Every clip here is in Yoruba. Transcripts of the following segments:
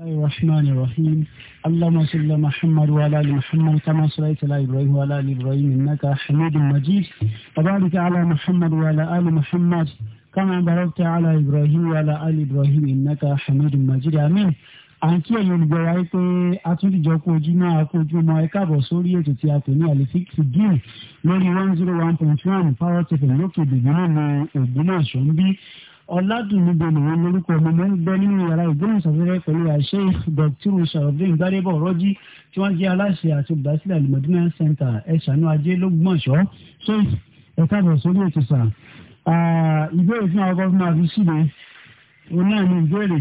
الرحمن الرحيم اللهم صل محمد وعلى ال محمد كما صليت على ابراهيم وعلى ال ابراهيم انك حميد مجيد وبارك على محمد وعلى ال محمد كما باركت على ابراهيم وعلى ال ابراهيم انك حميد مجيد امين à ń kí ẹ̀yin olùgbọ́ wa pé atúndìjọ́ kú ojú náà kú ojú sórí ètò tí a pè ní àlefíìsì díẹ̀ lórí one zero one point one power tfm lókè ìdìbò náà ògbómọ̀ṣọ́ ń bí ọ̀làdùnúgbò nìyẹn lórúkọ mi ló ń gbẹ́ nínú yàrá ìgbóhùnsáfẹ́fẹ́ pẹ̀lú àṣẹ dọ̀tíru sọ̀rọ̀dún gbádébọ̀ rọ́jí tí wọ́n jẹ́ aláṣẹ àti olùdásílẹ̀ alimọ̀dúnmá center ẹ̀ṣánú ajé lọ́gbọ̀nsọ́ ṣé ẹ̀ka bọ̀ sórí ètò sà ìbéèrè fún àwọn ọmọ àfi sílẹ̀ òun náà ni ìbéèrè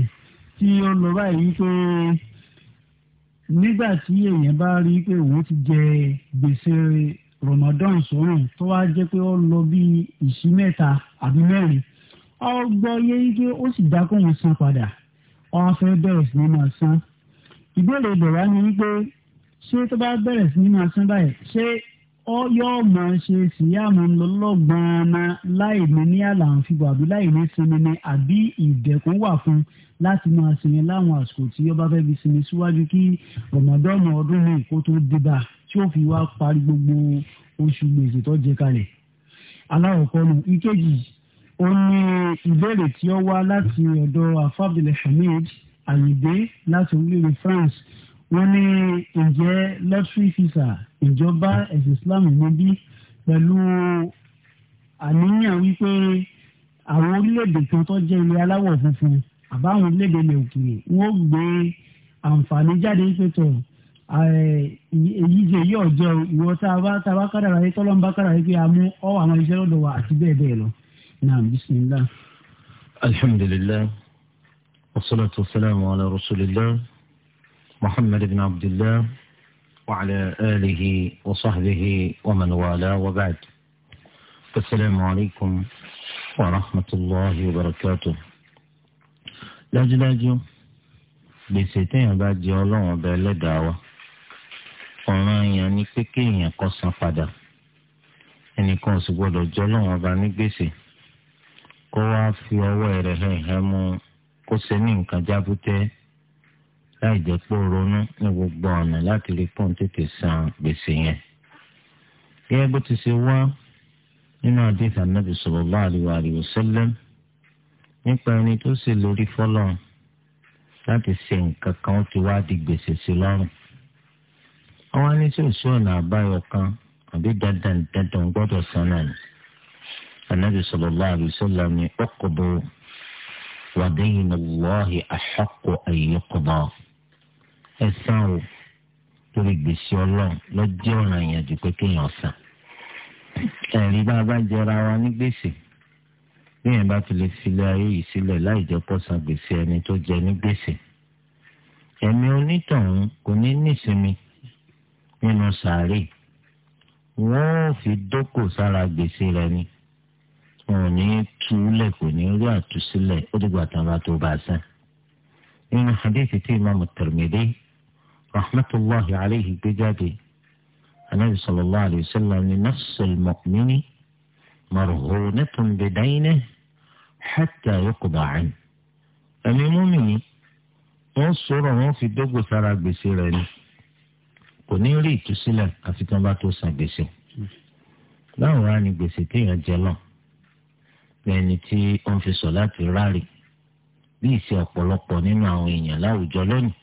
tí ó lọ báyìí pé nígbà tí èèyàn bá rí pé òun ti jẹ gbèsè Ramadan sọ́run tó wá jẹ́ pé ó lọ bí ìṣí mẹ́ta àbí mẹ́rin ọgbọ́ yé ike ó sì dá kó wọn san padà wọn fẹ́ bẹ̀rẹ̀ sí ní máa san ìbéèrè ìbẹ̀rẹ̀ wá ni wípé ṣé tó bá bẹ̀rẹ̀ sí ní máa san báyìí ṣé ọ yóò máa ṣe síyàmù lọ́lọ́gbọ̀nà láì ní ní àlàǹfíbọ̀ àbí láì ní sinmi ni àbí ìdẹ̀kùn wà fún láti máa sinmi láwọn àsìkò tí ó fẹ́ fi sinmi síwájú kí ọ̀mọ̀dọ́mọ ọdún ní kó tó débà tí ó fi wá parí gbogbo oṣù gbèsè tó jẹ kalẹ̀ aláwọ̀kọ́ nù ìkejì ó ní ìbéèrè tí ó wá láti ọ̀dọ̀ afábìlẹ hamid ayinde láti orílẹ̀-èdè france wọ́n ní ǹjẹ́ lọ́tírì físà ìjọba ẹ̀sìn islam níbí pẹ̀lú àníyàn wípé àwọn orílẹ̀-èdè kan tó jẹ́ ilẹ̀ aláwọ̀ funfun àbáwọn orílẹ̀-èdè ilẹ̀ òkèèrè wọ́n gbé àǹfààní jáde pé èyí jẹ́ èyí ọ̀jọ́ ìwọ tá a bá kádàrá yìí tọ́lọ́mbá kádàrá yìí pé a mú ọ́ àwọn iṣẹ́ lọ́dọ̀ wa àti bẹ́ẹ̀ bẹ́ẹ̀ lọ. نعم بسم الله الحمد لله والصلاة والسلام على رسول الله محمد بن عبد الله وعلى آله وصحبه ومن والاه وبعد السلام عليكم ورحمة الله وبركاته dájúdájú gbèsè téèyàn بعد jẹ ọlọ́run ọba ẹlẹ́dàá يعني ọ̀ràn èèyàn ni pé kéèyàn kó san padà ẹnìkan kó wá fi ọwọ́ rẹ̀ hẹ̀hẹ̀ mu kó ṣe ní nǹkan jábútẹ́ láì jẹ́ pé ó ronú ní gbogbo ọ̀nà láti rí pọ́ùn tètè san gbèsè yẹn. gẹ́gẹ́ bó ti ṣe wá nínú àdéhùn anábì sallallahu alaihi wa sallam nípa ẹni tó ṣe lórí fọ́lọ́ láti ṣe nǹkan kan ó ti wá di gbèsè sí lọ́rùn. àwọn ẹni tí sí ọ̀nà àbáyọ kan àbí dandan dandan gbọ́dọ̀ san náà ni anabi صلى الله عليه وسلم ni ودين الله allahi ahaqq an yuqda ẹ san o lórí gbèsè Ọlọ́run lọ́jọ́ ọ̀ràn yẹn ju pé kéèyàn san ẹ̀rí bá a bá jẹra wa ní gbèsè bíyẹn bá ti lè filẹ̀ ayé yìí sílẹ̀ láì jẹ́ pọ̀ gbèsè ẹni tó jẹ ní gbèsè ẹ̀mí onítọ̀hún kò ní nísinmi nínú sàárè wọ́n fi dókò sára gbèsè rẹ̀ ni wọn ò ní túlẹ̀ kò ní rí àtúnṣílẹ̀ ó dìgbà tán bá tó bá a sàn. nínú hadithi tí imaamu Tirmidhi rahmatulahi alayhi gbé jáde anabi sallallahu alayhi wa sallam ni nafsul mu'mini marhunatun bidaynihi hatta yuqda anhu. ẹ̀mí mùmínì wọ́n sọ̀rọ̀ wọ́n fi dógò sára gbèsè rẹ̀ ni kò ní rí ìtúsílẹ̀ àfi tán bá tó san gbèsè. ni gbèsè téèyàn jẹ lọ́n ẹni tí ó ń fi sọ láti ráre bí ìṣe ọ̀pọ̀lọpọ̀ nínú àwọn èèyàn láwùjọ lónìí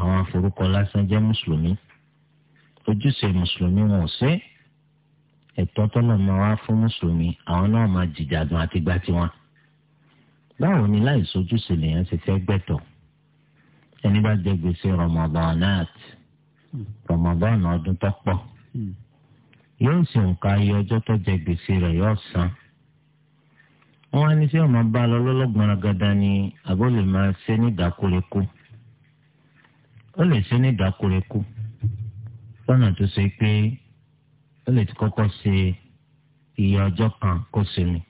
àwọn aforúkọ lásán jẹ́ mùsùlùmí ojúṣe mùsùlùmí wọn ò ṣe ẹ̀tọ́ tọ́lọ̀ máa wá fún mùsùlùmí àwọn náà máa jìjàdùn àti gba tiwọn. báwo ni láì sojúṣe lèèyàn ti fẹ́ gbẹ̀tọ̀ ẹni bá jẹ gbèsè Ramadan náà ọdún tó yóò sì ń ka iye ọjọ́ tó jẹ gbèsè rẹ̀ yóò san wọ́n á ní sí ọmọ bá lọ lọ́lọ́gbọ̀n agada ni àbọ̀ lè máa ṣe ní ìdákóreko ó lè ṣe ní ìdákóreko lọ́nà tó ṣe pé ó lè ti kọ́kọ́ ṣe iye ọjọ́ kan kó sinmi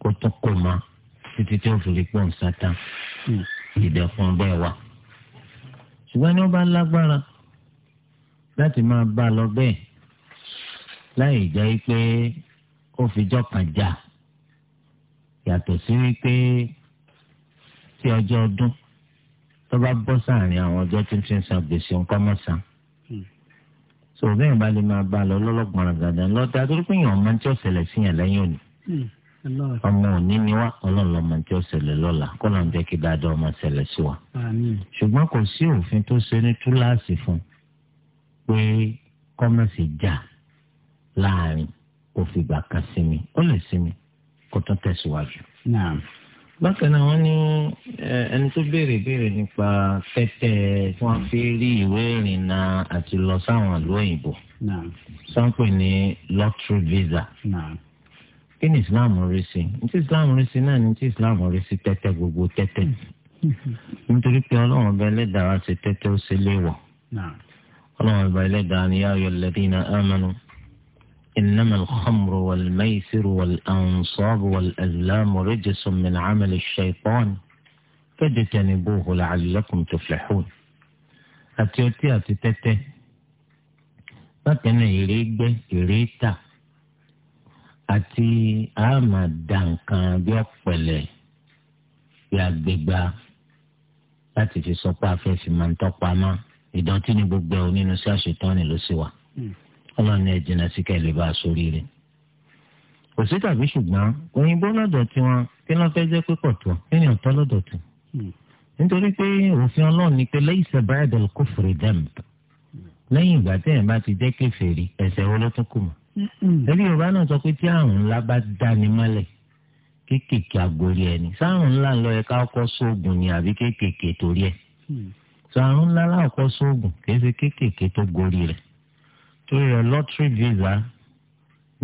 kó tún kò má títí tí ó fi lè pọ̀ ń sátán ìdẹ̀kùn bẹ́ẹ̀ wà. ṣùgbọ́n ní wọ́n bá lágbára láti máa bá lọ bẹ́ẹ̀ láì jẹ́ pé ó fi jọ́ kan jà yàtọ̀ sí wípé tí ọjọ́ ọdún tó bá bọ́ sáàrin àwọn ọjọ́ tó ń ti ń san gbèsè nǹkan mọ́ san hmm. so bẹ́ẹ̀ bá lè máa bá a lọ lọ́lọ́gbọ̀n àgàdà lọ́dà tó pé èèyàn máa ń tí ó ṣẹlẹ̀ sí yàn lẹ́yìn òní hmm. ọmọ òní ni wá ọlọ́ọ̀lọ́ máa ń tí ó ṣẹlẹ̀ lọ́la kó là ń jẹ́ kí dáadáa máa ṣẹlẹ̀ sí wa ṣùgbọ́n kò sí òfin tó ṣe ní túláàsì fún pé kọ́mọ̀sì jà láàrin òfìgbà kan sí mi ó lè sí mi kó tó tẹ̀síwájú. bákan náà wọ́n ní ẹni tó béèrè béèrè nípa tẹ́tẹ́ tí wọ́n fi rí ìwé ìrìnnà àti lọ sáwọn ìlú òyìnbó sọ́npè ní lottery visa. kí ni islam rí sí ní islam rí sí náà ní tí islam rí sí tẹ́tẹ́ gbogbo tẹ́tẹ́ nítorí pé ọlọ́run ọba ẹlẹ́dàá ṣe tẹ́tẹ́ ó ṣe léwọ̀ ọlọ́run ọba ẹlẹ́dàá ni yáa yọ lẹ́dínà amanu إنما الخمر والميسر والأنصاب والأزلام رجس من عمل الشيطان فاجتنبوه لعلكم تفلحون àti ọtí àti tẹ́tẹ́ bákan náà èrè gbẹ èrè tà àti àmà dànkan bí ọ̀pẹ̀lẹ̀ bí agbègbà láti fi sọ pé afẹ́fẹ́ máa ń tọ́pa mọ́ ìdọ̀tí ni gbogbo ẹ̀ onínú sí àṣetán ni ló sì wà ọlọ́run ní ẹ̀jìnà sí ká lè bá a sórí rẹ̀. kò sí tàbí ṣùgbọ́n òyìnbó lọ́dọ̀ tí wọ́n kí wọ́n fẹ́ jẹ́ pé pọ̀ tó kí ni ọ̀tọ́ lọ́dọ̀ tó. nítorí pé òfin ọlọ́run ni pé lẹ́yìn sẹ́bàáyàdọ̀ kò fèrè dẹ́m lẹ́yìn ìgbà tí ẹ̀ bá ti jẹ́ kèfèrí ẹ̀ṣẹ̀ wo ló tún kù mọ́. ẹbí yorùbá náà sọ pé tí àrùn ńlá bá dáni mọ́lẹ̀ kéékèèké agbórí ẹni sáàrùn ńlá lọ ẹ̀ka ọkọ̀ sóògùn ni àbí kéékèèké torí ẹ̀ sọ àrùn ńlá láàkọ́ sóògùn kéékèèké tó gorí rẹ̀ torí rẹ̀ lọ́tírì visa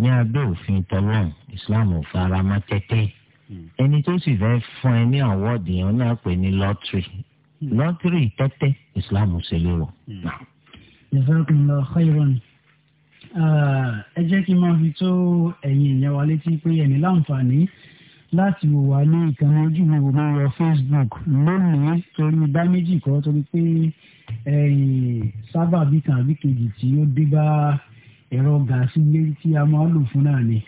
ní abẹ́ òfin tọ́lọ́n islam ò fara má tẹ́tẹ́ hmm. ẹni tó sì fẹ́ fún ẹ ní àwọ́ọ̀dì yẹn náà pè ní lọ́tírì hmm. lọ́tírì tẹ́tẹ́ islam ò ṣe hmm. ah, ẹ jẹ́ kí n máa fi tó ẹ̀yin ìyẹn wa létí pé ẹni láǹfààní láti wò wá ní ìkànnì ojú mi wò lórí Facebook lónìí torí bá méjì kọ́ torí pé sábà bí kan àbí kejì tí ó dé bá ẹ̀rọ gàásì lé tí a máa ń lò fún náà ni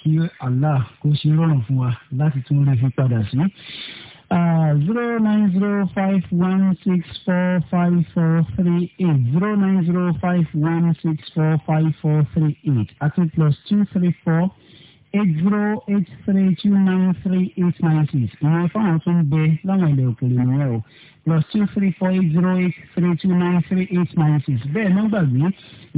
kí Allah kó ṣe rọrùn fún wa láti tún lè fi padà sí zero nine zero five one six four five four three eight zero nine zero five one six four five four three eight àti plus two three four eight zero eight three two nine three eight nine six ìwọ̀n fáwọn tó ń bẹ láwọn ilẹ̀ òkèèrè nìyẹn o plus two three four eight zero eight three two nine three eight nine six bẹ́ẹ̀ ló gbàgbé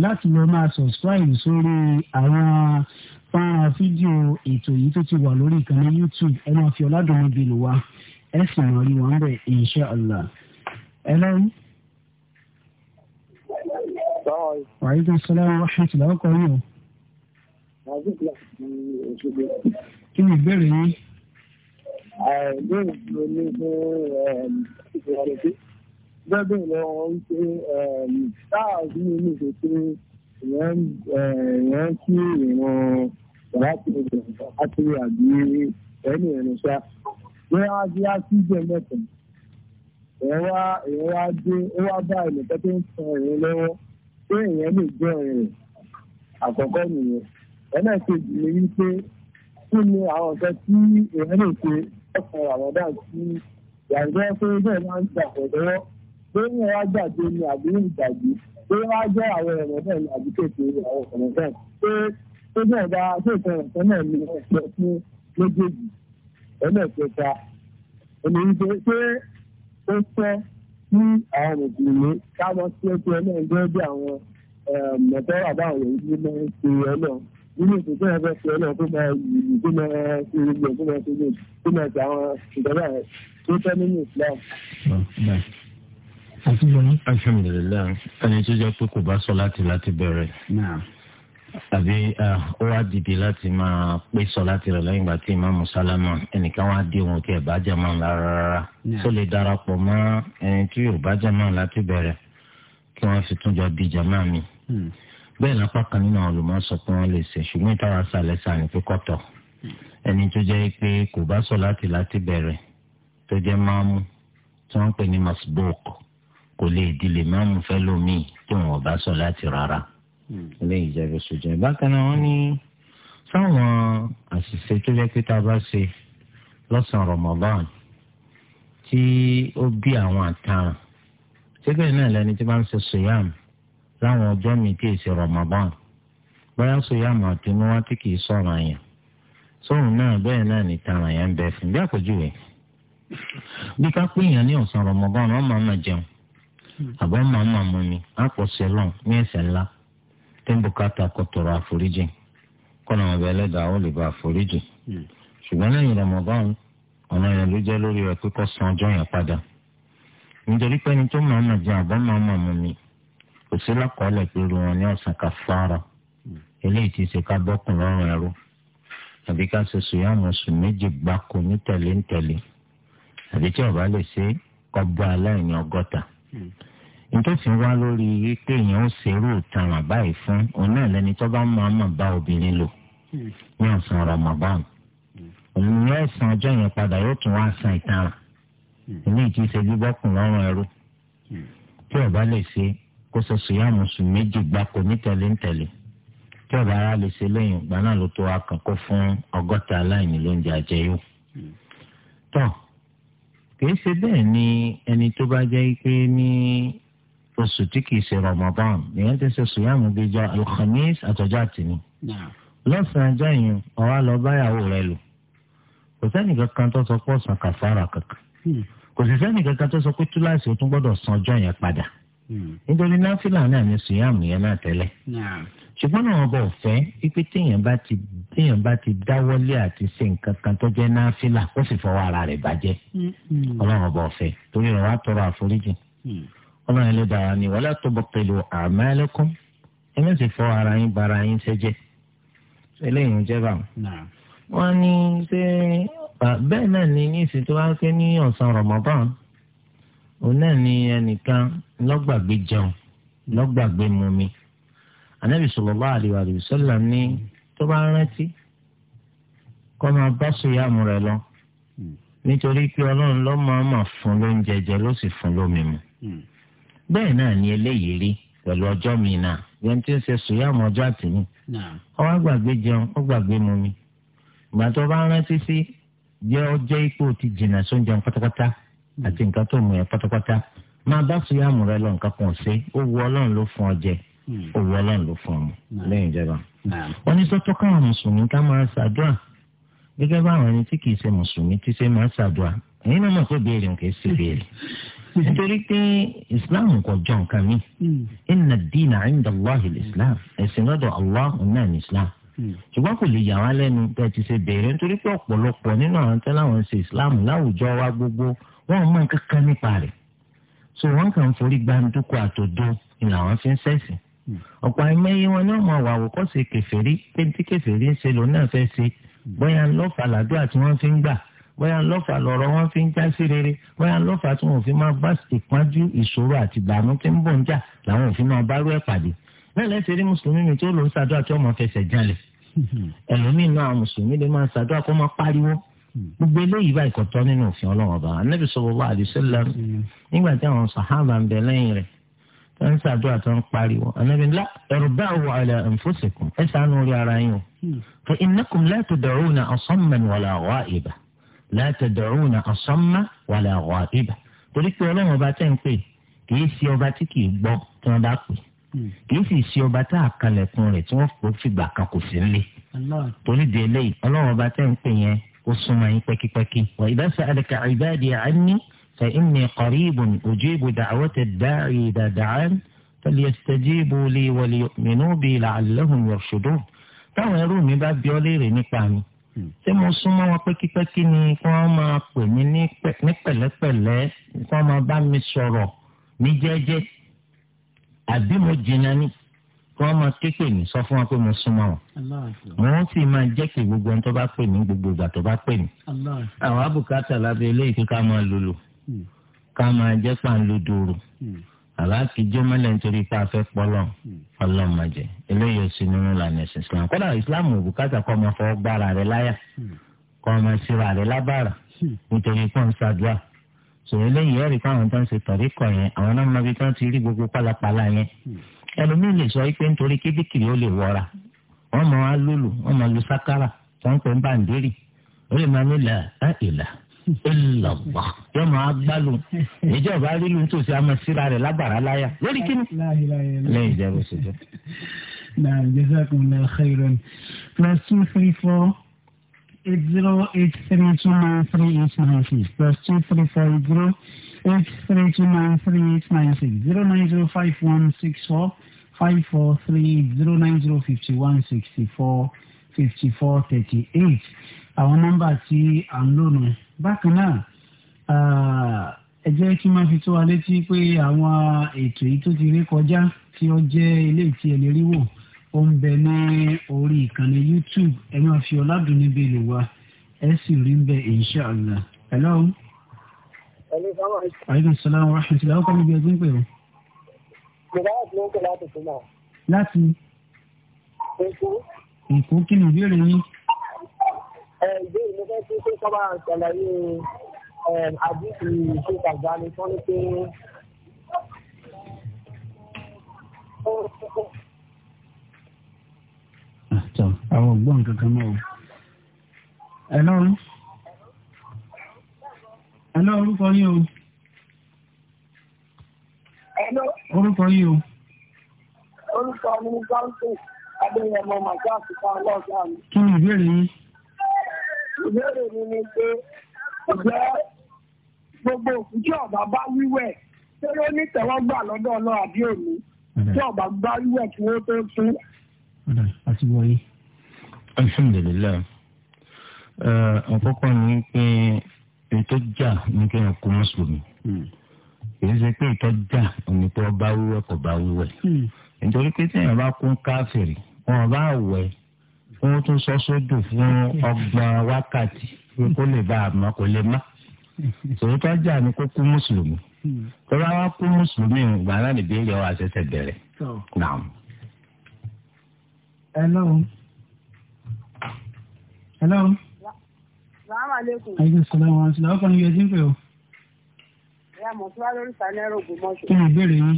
láti lọ máa subscribe sórí àwọn fáwọn fídíò ètò yìí tó ti wà lórí ìkànnì YouTube ẹ máa fi ọ̀làdùnmọ́ bí lò wá ẹ sì máa rí wọn bẹ̀ insha allah. ẹ lọ́rùn. wàhálà ìṣẹ̀lẹ̀ wàhálà ìṣẹ̀lẹ̀ ọkọ̀ yìí o kí ni ìbéèrè yín. ìbéèrè mi ni fún ìrọ̀lẹ́sí bẹ́ẹ̀ lọ ń pé táàbí mi ṣe pé ìyẹn kí ìran ìrántí ìgbà àti àbí ẹni ìrìn ṣá bí wọ́n á bí á sí jẹ́ mẹ́tàn ìyẹn wá ìyẹn wá dé ó wá bá ẹnìkan tó ń tan ìrìn lọ́wọ́ pé ìyẹn lè jẹ́ ìrìn àkọ́kọ́ nìyẹn ẹlẹ́ẹ̀kejì ni wípé kí ni àwọn ọ̀sẹ̀ tí èèyàn lè ṣe ọkọ̀ àwọ̀dá sí yàgbẹ́ pé bẹ́ẹ̀ máa ń ta ọ̀dọ́wọ́ lórí ẹ̀rọ àgbàdo ni àbí ìgbàgbé lórí wá jẹ́ àwọn ẹ̀rọ bẹ́ẹ̀ ni àbí kékeré àwọn ọ̀rọ̀ bẹ́ẹ̀ pé tó bẹ́ẹ̀ bá tó ìtàn ọ̀sẹ̀ náà ni wọ́n pẹ́ fún méjèèjì ẹlẹ́ẹ̀kẹta ẹni wípé pé ó fẹ́ kí àwọn mùsùlùmí káwọn tí ó ti ẹlẹ́ẹ̀gbẹ́ bí àwọn mọ̀tẹ́rà báwọn yòókù máa ń ṣe ọlọ́run inú ìsìnkú yẹn fẹ́ fi ọlọ́run tó máa yìí tó máa ṣe gbogbo tó máa ṣe gbogbo tó máa ṣe àwọn ìjọba rẹ̀ tó tẹ́ nínú Islam. alhamdulilayi ẹni tó jẹ́ pé kò bá sọ láti láti bẹ̀rẹ̀ àbí ó wá dìde láti máa pé sọ láti rẹ̀ lẹ́yìn ìgbà tí ìmáàmù sálámà ẹnìkan wá dé wọn kí ẹ̀ bá jẹ́ máa lára rárá tó lè darapọ̀ mọ́ ẹni tí yóò bá jẹ́ máa láti bẹ̀rẹ̀ kí wọ́n fi tún jọ di jàmáà mi. Hmm bẹ́ẹ̀ lápá kan nínú àwọn olùmọ̀ sọ pé wọ́n lè ṣe ṣùgbọ́n ìtara sàlẹ̀ sàní kíkọ́tọ̀ ẹni tó jẹ́ pé kò bá sọ láti láti bẹ̀rẹ̀ tó jẹ́ máàmù tí wọ́n ń pè ní masbok kò lè dìlè máàmù fẹ́ lómìn tí wọ́n bá sọ láti rárá. ilé ìjẹ́bù sójà bákan náà wọ́n ní sáwọn àṣìṣe tó jẹ́ pé tá a bá ṣe lọ́sàn-án Ramadan tí ó bí àwọn àtàrà síbẹ̀ náà lẹni tí wọ́n ń ṣe láwọn ọjọ́ mi tí èsì Ramadan bóyá sòyàmù àtinúwá tí kìí sọ̀rọ̀ àyàn sóhun náà bẹ́ẹ̀ náà ní tara àyàn bẹ́ẹ̀ fún bí àpèjúwe bí ká pé èèyàn ní ọ̀sán Ramadan wọn máa máa jẹun àbọ̀ máa máa mú mi àpọ̀sẹ̀ lọ́n ní ẹ̀ṣẹ̀ ńlá tí ń bùkátà kò tọrọ àforíjì ọ̀bẹ ẹlẹ́dàá ó lè àforíjì ṣùgbọ́n lẹ́yìn ọjọ́ yẹn padà nítorí pé ẹni tó mi kò sí lákọọ́lẹ̀ pé irun wọn ní ọ̀sán ká fara eléyìí ti ṣe ká bọ́kùn lọ́rùn ẹrú àbí ká ṣe sùyàmù oṣù méjì gbáko ní tẹ̀lé ń tẹ̀lé àbí tí ọba lè ṣe kọ́ bọ́ aláìní ọgọ́ta nítòsí wá lórí wípé èèyàn ó ṣerú ìtara báyìí fún òun náà lẹni tó bá mọ àmọ bá obìnrin lò ní ọ̀sán Ramadan òun ní ẹ̀sán ọjọ́ yẹn padà yóò tún wá san ìtara ilé ìtúsẹ́ bíbọ́kùn lọ́rùn ẹrú tí ọba lè ṣe kó sọ síyàmù sùn méjì gbáko ní tẹ̀léńtẹ̀lé tí ọba ara lè ṣe lẹ́yìn ìgbà náà ló tó wá kàn kó fún ọgọ́ta aláìní lóúnjẹ àjẹyó. tó kìí ṣe bẹ́ẹ̀ ni ẹni tó bá jẹ́ pé ní oṣù tí kìí ṣe Ramadan ìyẹn ti ṣe síyàmù bíi jọ alhamis àtọ́jọ́ àtìní. lọ́sàn-án ajá yẹn ọ̀rá lọ báyàwó rẹ lò kò sẹ́ni kankan tó sọ pé ọ̀sán kàfàrà kankan hmm. kò sì sẹ́ni kankan tó sọ pé túláàsì ó tún gbọ́dọ̀ san ọjọ́ yẹn padà. Hmm. nítorí náfìlà náà ni sùyàmù yẹn náà tẹ́lẹ̀ ṣùgbọ́n náà wọn bọ̀ fẹ́ pípé téèyàn bá ti téèyàn bá ti dáwọ́lé àti ṣe nǹkan kan tó jẹ́ náfìlà ó sì fọwọ́ ara rẹ̀ bàjẹ́ hmm, hmm. ọlọ́run bọ̀ fẹ́ torí rẹ̀ wá tọrọ àforíjì ọlọ́run ló dára ni wala tubtilu a'malakum ẹ má sì fọwọ́ ara yín bara yín ṣẹ́jẹ́ eléyìí ń jẹ́ báwọn. wọ́n ní ṣé bẹ́ẹ̀ náà ni ní ìsìn tó wá pé ní ọ̀sán Ramadan òun náà ni ẹnìkan lọ́gbàgbé jẹun lọ́gbàgbé mumi anabi sallallahu alaihi wa sallam ní tó bá rántí kó máa bá sòyàmù rẹ̀ lọ nítorí pé ọlọ́run ló máa máa fún lóúnjẹ jẹ ló sì fún lómi mu bẹ́ẹ̀ náà ni eléyìí rí pẹ̀lú ọjọ́ mi náà yẹn tí ń ṣe sòyàmù ọjọ́ àtìní ọwọ́ gbàgbé jẹun ó gbàgbé mumi ìgbà tó bá rántí sí jẹ́ ọjọ́ ipò ti jìnnà sóúnjẹ pátápátá. àti nǹkan tó mú ẹ pátápátá máa bá sùyàmù rẹ lọ nǹkan kan ṣe ó wu ọlọ́run ló fún ọ jẹ hmm. ó wu ọlọ́run ló fún ọ mu hmm. lẹ́yìn ìjọba. Hmm. wọ́n ní sọ́tọ́ káwọn mùsùlùmí ká máa ṣàdúrà gẹ́gẹ́ báwọn ẹni tí kì ṣe mùsùlùmí tí ṣe máa ṣàdúrà èyí náà mọ̀ pé béèrè nǹkan ṣe béèrè. nítorí pé islam kò jọ nǹkan mi inna dina inda allahi islam ẹ̀sìn lọ́dọ̀ allah náà ní islam ṣùgbọ́n kò lè yà wá lẹ́nu bẹ́ẹ̀ ti ṣe béèrè nítorí pé ọ̀pọ̀lọpọ̀ nínú àwọn tẹ́láwọn ṣe islam láwùjọ wa gbogbo wọ́n mọ nǹkan kan nípa rẹ̀ so wọ́n kàn ń forí gbàǹdùkú àtòdó ni làwọn fi ń ṣẹ̀sìn hmm. ọ̀pọ̀ àìmọye wọn náà mọ àwọn àwòkọ́ṣe kèfèrí pé tí kèfèrí ń ṣe lòun náà fẹ́ ṣe bóyá ńlọ́fà làdúrà tí wọ́n fi ń gbà bóyá ńlọ́fà lọ̀rọ̀ wọn fi ń já sí rere bóyá ńlọ́fà tí wọn ò fi máa bá ìpọ́njú ìṣòro àti ìdààmú tí ń bọ̀ ń jà làwọn ò máa bá rú ẹ̀ pàdé náà lẹ́sẹ̀ rí mùsùlùmí mi tó lòún ṣàdúrà tí wọ́n fẹsẹ̀ jalè hmm. ẹlòmíín mùsùlùmí lè máa ṣàdúrà kó máa pariwo gbogbo eléyìí báyìí kò tọ́ nínú òfin ọlọ́run ọba anábì sallallahu alaihi wasallam nígbà tí àwọn sàhábà ń bẹ lẹ́yìn rẹ̀ tó ń ṣàdúrà tó ń pariwo anábì ńlá irba'u ala anfusikum ẹ ṣàánú orí ara yín o fa innakum la tad'una asamman wala gha'iba la tad'una asamman wala gha'iba torí pé ọlọ́run ọba tẹ́ ń pè kì í ṣe ọba tí kì í gbọ́ sì ṣe ọba tá a kalẹ̀kùn rẹ̀ tí wọ́n fìgbà kan kò sí nílé torí de eléyìí ọlọ́run ọba tẹ́ ń pè yẹn kó súnmọ́ yín pẹ́kípẹ́kí. wa idha sa'alaka ibadi anni fa inni qaribun ujibu da'wata ad-da'i idha da'an falyastajibu li wa liyu'minu bi la'allahum yarshudun. táwọn ẹrú mi bá bi ọ́ léèrè nípa mi hmm. ṣé mo súnmọ́ wọn pẹ́kípẹ́kí ni kí wọ́n máa pè mí ní pẹ̀lẹ́pẹ̀lẹ́ kí wọ́n máa bá mi sọ̀rọ̀ ní jẹ́jẹ́ àbí mo jìnnà ni kí wọ́n máa ké pè mí sọ fún wọn pé mo súnmọ́ wọn. wọ́n sì máa jẹ́ kí gbogbo ẹni tó bá pè mí gbogbo ìgbà tó bá pè mí. àwọn abùkátà lábẹ́ eléyìí kí ká máa lòlò hmm. ká máa jẹ́ pàǹlù dòrò hmm. àláàkì jẹ́mọ́lẹ̀ nítorí pé a fẹ́ pọ́lọ́ hmm. ọlọ́mọdé eléyìí ò sí nínú ìlànà ẹ̀sìn islam kódà islam ò bùkátà kọ́ ọmọ fọwọ́ gbára rẹ láyà kọ́ ọmọ síra rẹ lábàrà nítorí pé ń ṣàdúrà sọ eléyìí ẹ̀rí káwọn tó ń ṣe tọ̀rí kọ̀ yẹn àwọn náà mọ ẹlòmíì lè sọ pé nítorí kébìkìrì ó lè wọra wọn mọ alólu wọn mọ lu sakara wọn pè ń bàǹdírì ó lè máa ní là á ìlà ìlàgbà yóò máa gbálù ìjọba rílu nítòsí amọ̀síra rẹ̀ lágbára láyà lórí kíni lẹ́yìn ìjẹ́bù síbẹ̀. náà jẹ́sàkùn náà xeyìrán plus two three four eight zero eight three two nine three eight nine six plus two three four zero eight three two nine three eight nine six zero nine zero five one six four five four three zero nine zero fifty one sixty four fifty four thirty eight àwọn nọ́mbà tí à ń lò nù. bákan náà uh, ẹ jẹ́ kí n máa fi tó wa létí pé àwọn ètò yìí tó ti rí kọjá tí ó jẹ́ ilé ìtì ẹlẹ́rìí ó ń bẹ ní orí ìkànnì YouTube ẹ máa fi ọ̀làdùn níbi ìlú wa ẹ sì rí ń bẹ inshallah. hello. aleykum salaam wa rahmatulah. ọkọ mi bí ẹ ti ń pè ọ́. Bùrọ̀ àti lóńkè láti fún náà. Láti. Èkó. Èkó kí ni ìbéèrè yín? Ẹ ìbéèrè mi fẹ́ kí pé sábà ṣàlàyé àdìsí ṣe tàgbáni tán ní pé. Àtọ̀ ah, àwọn ògbọ́n kankan náà. Ẹ lọ́rùn. Ẹ lọ́rùn kọ́ ní o orúkọ yìí o. orúkọ mi ni gáúsù adéyẹmọ màjá àtìkà ọlọ́ọ̀gá mi. kí ni ìbéèrè yín. ìbéèrè mi ni pé ìjẹ́ gbogbo òkú tí ọba bá wíwẹ̀ ṣé ó ní tẹ́wọ́gbà lọ́dọ̀ ọlọ́ọ̀ àbí òní tí ọba bá wíwẹ̀ kí wọ́n tó tú. àti wọ̀nyí. alhamdulilayi ọ̀pọ̀pọ̀ ni pé ètò jà ní kí n kú mùsùlùmí. Hmm kì í ṣe pé ìtọ́jà òní pé ọba wíwẹ̀ kò bá wíwẹ̀ nítorí pé tí èèyàn bá kún káfìrì wọn bá wẹ̀ wọn tún sọ sódò fún ọgbọ̀n wákàtí kó lè bá a mọ kó lè má tòótọ́jà ni kó kú mùsùlùmí tó bá wá kú mùsùlùmí ìgbà náà nìbéèrè wa ṣẹ̀ṣẹ̀ bẹ̀rẹ̀ naam. hello. hello. salaamaleykum. aleykum salaam wa rahmatulah ọkùnrin yẹn ti ń pè ọ́ ìyá mọ̀túwá lórí sanẹ́rò ògbómọ̀ṣọ́. kí ni ìbéèrè yín.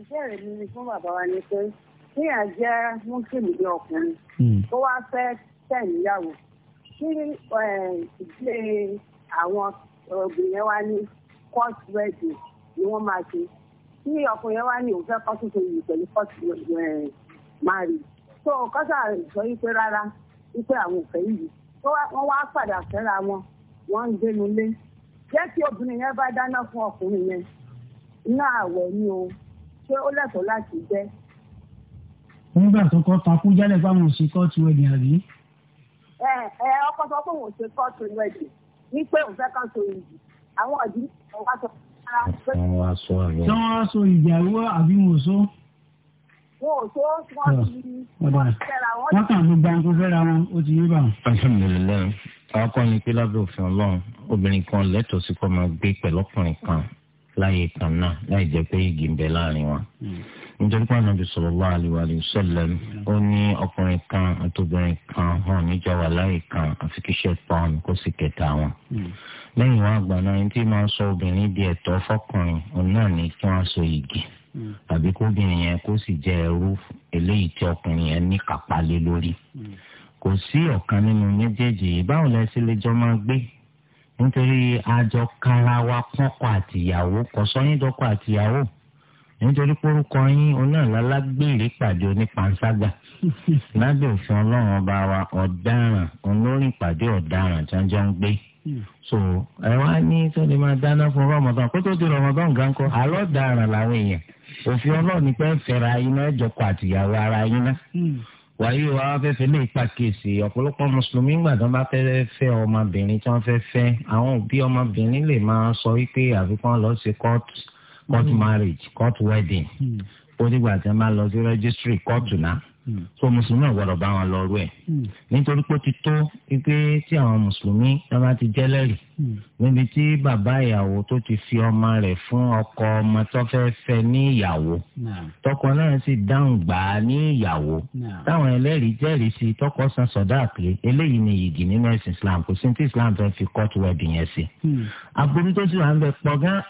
ìbéèrè mi ni fún bàbá wa ni pé kíyàn jẹ́ mùsùlùmí bí ọkùnrin tó hmm. wá fẹ́ tẹ̀ níyàwó kí ìdílé àwọn obìnrin wa ní court wedding ni wọ́n máa ṣe kí ọkùnrin wa ní òun fẹ́ kọ́ tuntun yìí pẹ̀lú court marriage so kọ́sà sọ wípé rárá wípé àwọn òfẹ́ yìí wọ́n wá padà fẹ́ra wọn wọ́n ń gbénu lé jẹ́ kí obìnrin yẹn bá dáná fún ọkùnrin yẹn iná àwẹ̀ ni o ṣé ó lẹ́tọ̀ọ́ láti jẹ́. nígbà tó kọ́ takú jálẹ̀ fáwọn òṣè kóòtù wẹ̀dì àbí. ẹ ẹ ọkọ sọ fún òṣè kóòtù wẹ̀dì wípé òun fẹ́ kàn so ìdì àwọn ọ̀dí wa sọ. tí wọ́n so ìdì àríwá àbí wọn ò so. wọn ò so wọ́n ti wọ́n ti fẹ́ra wọn. wọ́n kàn ló gbàǹkó fẹ́ra wọn ó ti yé bá wọn. alhamdulilayi. àkọ́kọ́ ni pé lábẹ́ òfin ọlọ́run obìnrin kan lẹ́tọ̀ọ́ sí kọ máa gbé pẹ̀lú ọkùnrin kan láyé kan náà láì pé igi ń bẹ láàrin wa. nítorí pé ànábì sallallahu alaihi wa sallam ó ní ọkùnrin kan kan hàn níjà wà láyé kan àfi kí kó sì di ẹ̀tọ́ fọkùnrin òun náà ní kí wọ́n igi àbí kóbìnrin yẹn kó sì ẹrú eléyìí tí ọkùnrin yẹn kò sí ọ̀kan nínú méjèèjì yìí báwo lẹ ṣe lè jọ máa gbé nítorí àjọ kára wa kọ́kọ́ àtìyàwó kọ́sọ́yìn dọ́kọ̀ àtìyàwó nítorí pórúkọ yín onáàlá lágbèrè pàdé onípanṣágà lábẹ́ òfin ọlọ́run ọba wa ọ̀daràn olórí pàdé ọ̀daràn tí wọ́n jọ ń gbé so ẹ wá ní tó lè máa dáná fún rọmọdán kó tó di rọmọdán gan kọ àlọ́ ọ̀daràn làwọn èèyàn òfin ọlọ́run ni pé fẹ́ra iná ẹ̀jọ̀kọ̀ àtìyàwó ara yín wàyí wa fẹ́ fẹ́ lè pàkíyèsí ọ̀pọ̀lọpọ̀ mùsùlùmí gbà tó bá fẹ́ fẹ́ ọmọbìnrin tí wọ́n fẹ́ fẹ́ àwọn òbí ọmọbìnrin lè máa sọ wípé àfikún lọ sí court court hmm. marriage court wedding hmm. ó dìgbà tí wọ́n bá lọ sí registry court náà. Hmm. so mùsùlùmí ọ̀gbọ́dọ̀ bá wọn lọ rú ẹ̀ hmm. nítorí pé ó ti tó wípé tí àwọn mùsùlùmí tó bá ti jẹ́lẹ́rì hmm. níbi tí bàbá ìyàwó tó ti fi ọmọ rẹ̀ fún ọkọ ọmọ tó fẹ́ fẹ́ ní ìyàwó tọkọ náà sì dáhùn gbà á ní ìyàwó táwọn ẹlẹ́rìí jẹ́rìí sí tọkọ san sọ̀dá àpè eléyìí ni yìgì nínú ẹ̀sìn Islam kò sí tí Islam fẹ́ fi kọ́ọ̀tù wẹ̀dì yẹn sí. aburú tó sì wà ń bẹ pọ̀ gán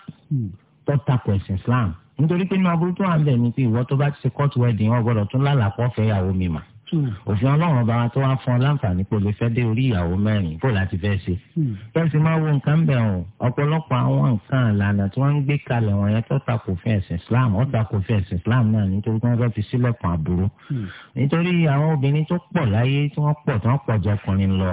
Islam nítorí pé nínú aburú tó wà ń bẹ̀ ni pé ìwọ tó bá ti ṣe court wedding wọn gbọ́dọ̀ tún lálàpọ̀ fẹ́ ìyàwó mi mà. Hmm. òfin ọlọ́run bá wa tó wá fún ọ láǹfààní pé o lè fẹ́ dé orí ìyàwó mẹ́rin kó láti fẹ́ ṣe. Hmm. bẹ́ẹ̀ sì máa wo nǹkan bẹ̀ ọ̀ ọ̀pọ̀lọpọ̀ àwọn nǹkan ìlànà tí wọ́n ń gbé kalẹ̀ wọn yẹn tó takò fún ẹ̀sìn Islam ó takò fún ẹ̀sìn Islam náà nítorí wọ́n fẹ́ fi sílẹ̀kùn aburú. Hmm. nítorí àwọn obìnrin tó pọ̀ láyé tí wọ́n pọ̀ tí wọ́n pọ̀ jọkùnrin lọ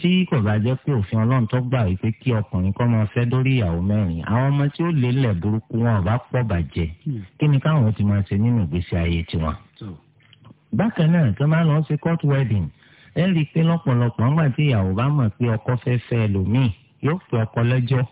tí kò bá jẹ́ pé òfin ọlọ́run tó gbà wípé kí ọkùnrin kọ́ máa fẹ́ lórí ìyàwó mẹ́rin àwọn ọmọ tí ó lé lẹ̀ burúkú wọn ò pọ̀ bàjẹ́ hmm. kí ni káwọn ti máa ṣe nínú ìgbésí ayé tiwọn. bákan náà tó máa lọ sí court wedding ẹ rí i pé lọ́pọ̀lọpọ̀ nígbà tí ìyàwó bá mọ̀ pé ọkọ fẹ́ fẹ́ ẹlòmíì yóò pe ọkọ lẹ́jọ́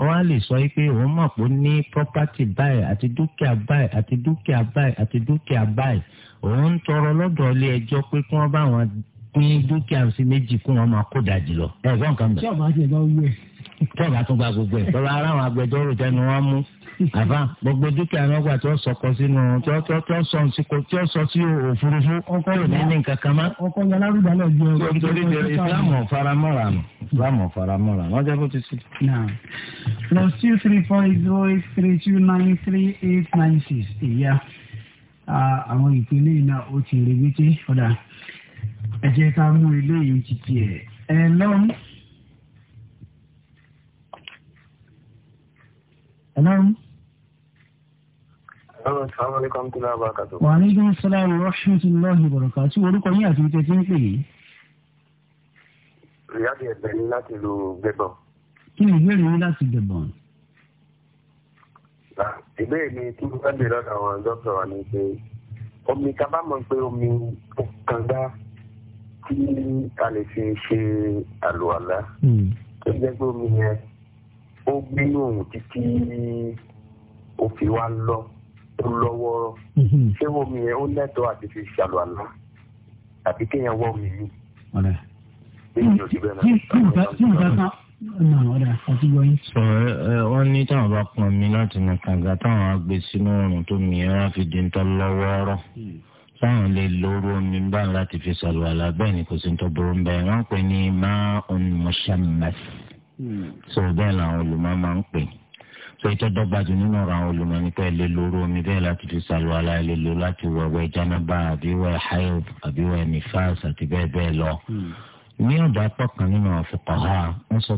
ó wá lè sọ pé òun mọ̀ pé ní property báyìí àti dúkìá báyìí àti dúkìá báyìí àti dúkìá báyìí òun ń tọrọ lọ́dọ̀ pín dúkìá sí méjì kún wọn máa kó dajì lọ. ẹ gbọ́n kan bẹ̀. tíọ̀bù àti ẹ̀gbá gbogbo ẹ̀. tíọ̀bù àti ẹ̀gbá gbogbo ẹ̀. tọ́lá ara àwọn agbẹjọ́rò tẹnu wọn mú. àbá gbogbo dúkìá náà gbà tí wọ́n sọkọ sínú tí wọ́n sọ síko tí wọ́n sọ sí òfurufú. ọkọ yẹn ní nǹkan má. ọkọ yẹn alárúgbà náà jẹ́ bó ti three four zero three two nine three eight nine six ìyá àwọn ìpínlẹ̀ náà ó ti rí ẹ jẹ́ ká mú ilé yìí ti tiẹ̀ ẹ lọ́run. Hello. Hello, assalamu alaikum tí lábàá kàtó. Wa alaikum assalam wa rahmatullahi wa barakatuh. Orúkọ yín àti ìtẹ́ tí ń pè yìí. Riyadi ẹ̀bẹ̀ ni láti lu Gbẹ̀bọ̀n. Kí ni ìbéèrè yín láti Gbẹ̀bọ̀n? Ìbéèrè mi tí mo fẹ́ bèèrè lọ́dọ̀ àwọn dókítà wa ni pé omi kábàámọ̀ pé omi kan dá tí a lè fi ṣe àlùwàlá hmm. tó jẹ́ pé omi yẹn ó gbé òun títí ó fi wá lọ ó lọ́wọ́rọ́ hmm. ṣé omi yẹn ó lẹ́tọ̀ọ́ àti fi ṣàlùwàlá àbí kéèyàn wọ́ omi mi. Hmm. Wọ́n ní táwọn bá pọn mi láti nù kànga táwọn á gbé sínú oòrùn tó mìíràn fi di ń tọ́ lọ́wọ́rọ́ táwọn lè lóru omi bá láti fi ṣàlùwàlá bẹ́ẹ̀ ni kò sí tó burú bẹ́ẹ̀ wọ́n pè ní ma'un mushammas hmm. so bẹ́ẹ̀ làwọn olùmọ̀ máa ń pè so ìtọ́ dọ́gbàdì nínú ọ̀rọ̀ àwọn olùmọ̀ ni pé lè lóru omi bẹ́ẹ̀ láti fi ṣàlùwàlá lè lo láti wẹ̀wẹ̀ jánábà àbíwẹ̀ hayob àbíwẹ̀ nifas àti bẹ́ẹ̀ bẹ́ẹ̀ lọ. Hmm. ní ọ̀dọ̀ apá nínú fuqaha wọ́n sọ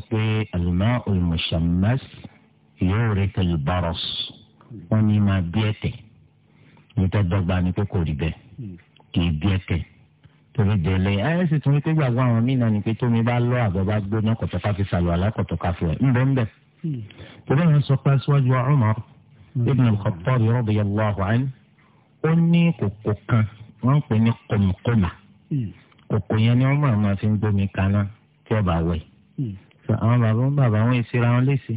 pé kì í di ẹ̀tẹ̀ torí délé ayé sì tún pé gbàgbọ́ àwọn mí náà ni pé tómi bá lọ àgbẹ̀ bá gbóná kọ̀tọ̀ káfí sàlọ̀ alákọ̀tọ̀ káfí rẹ̀ ńbẹ̀ ńbẹ̀ torí àwọn sọ pé aṣíwájú Umar ibn al-Khattab radiyallahu anhu ó ní kòkò kan wọ́n ń pè ní kòmùkòmà kòkò yẹn ni wọ́n máa ma fi ń gbómi kaná tí ọba wẹ̀ àwọn bàbá ń bàbá wọn ìsira wọn léṣe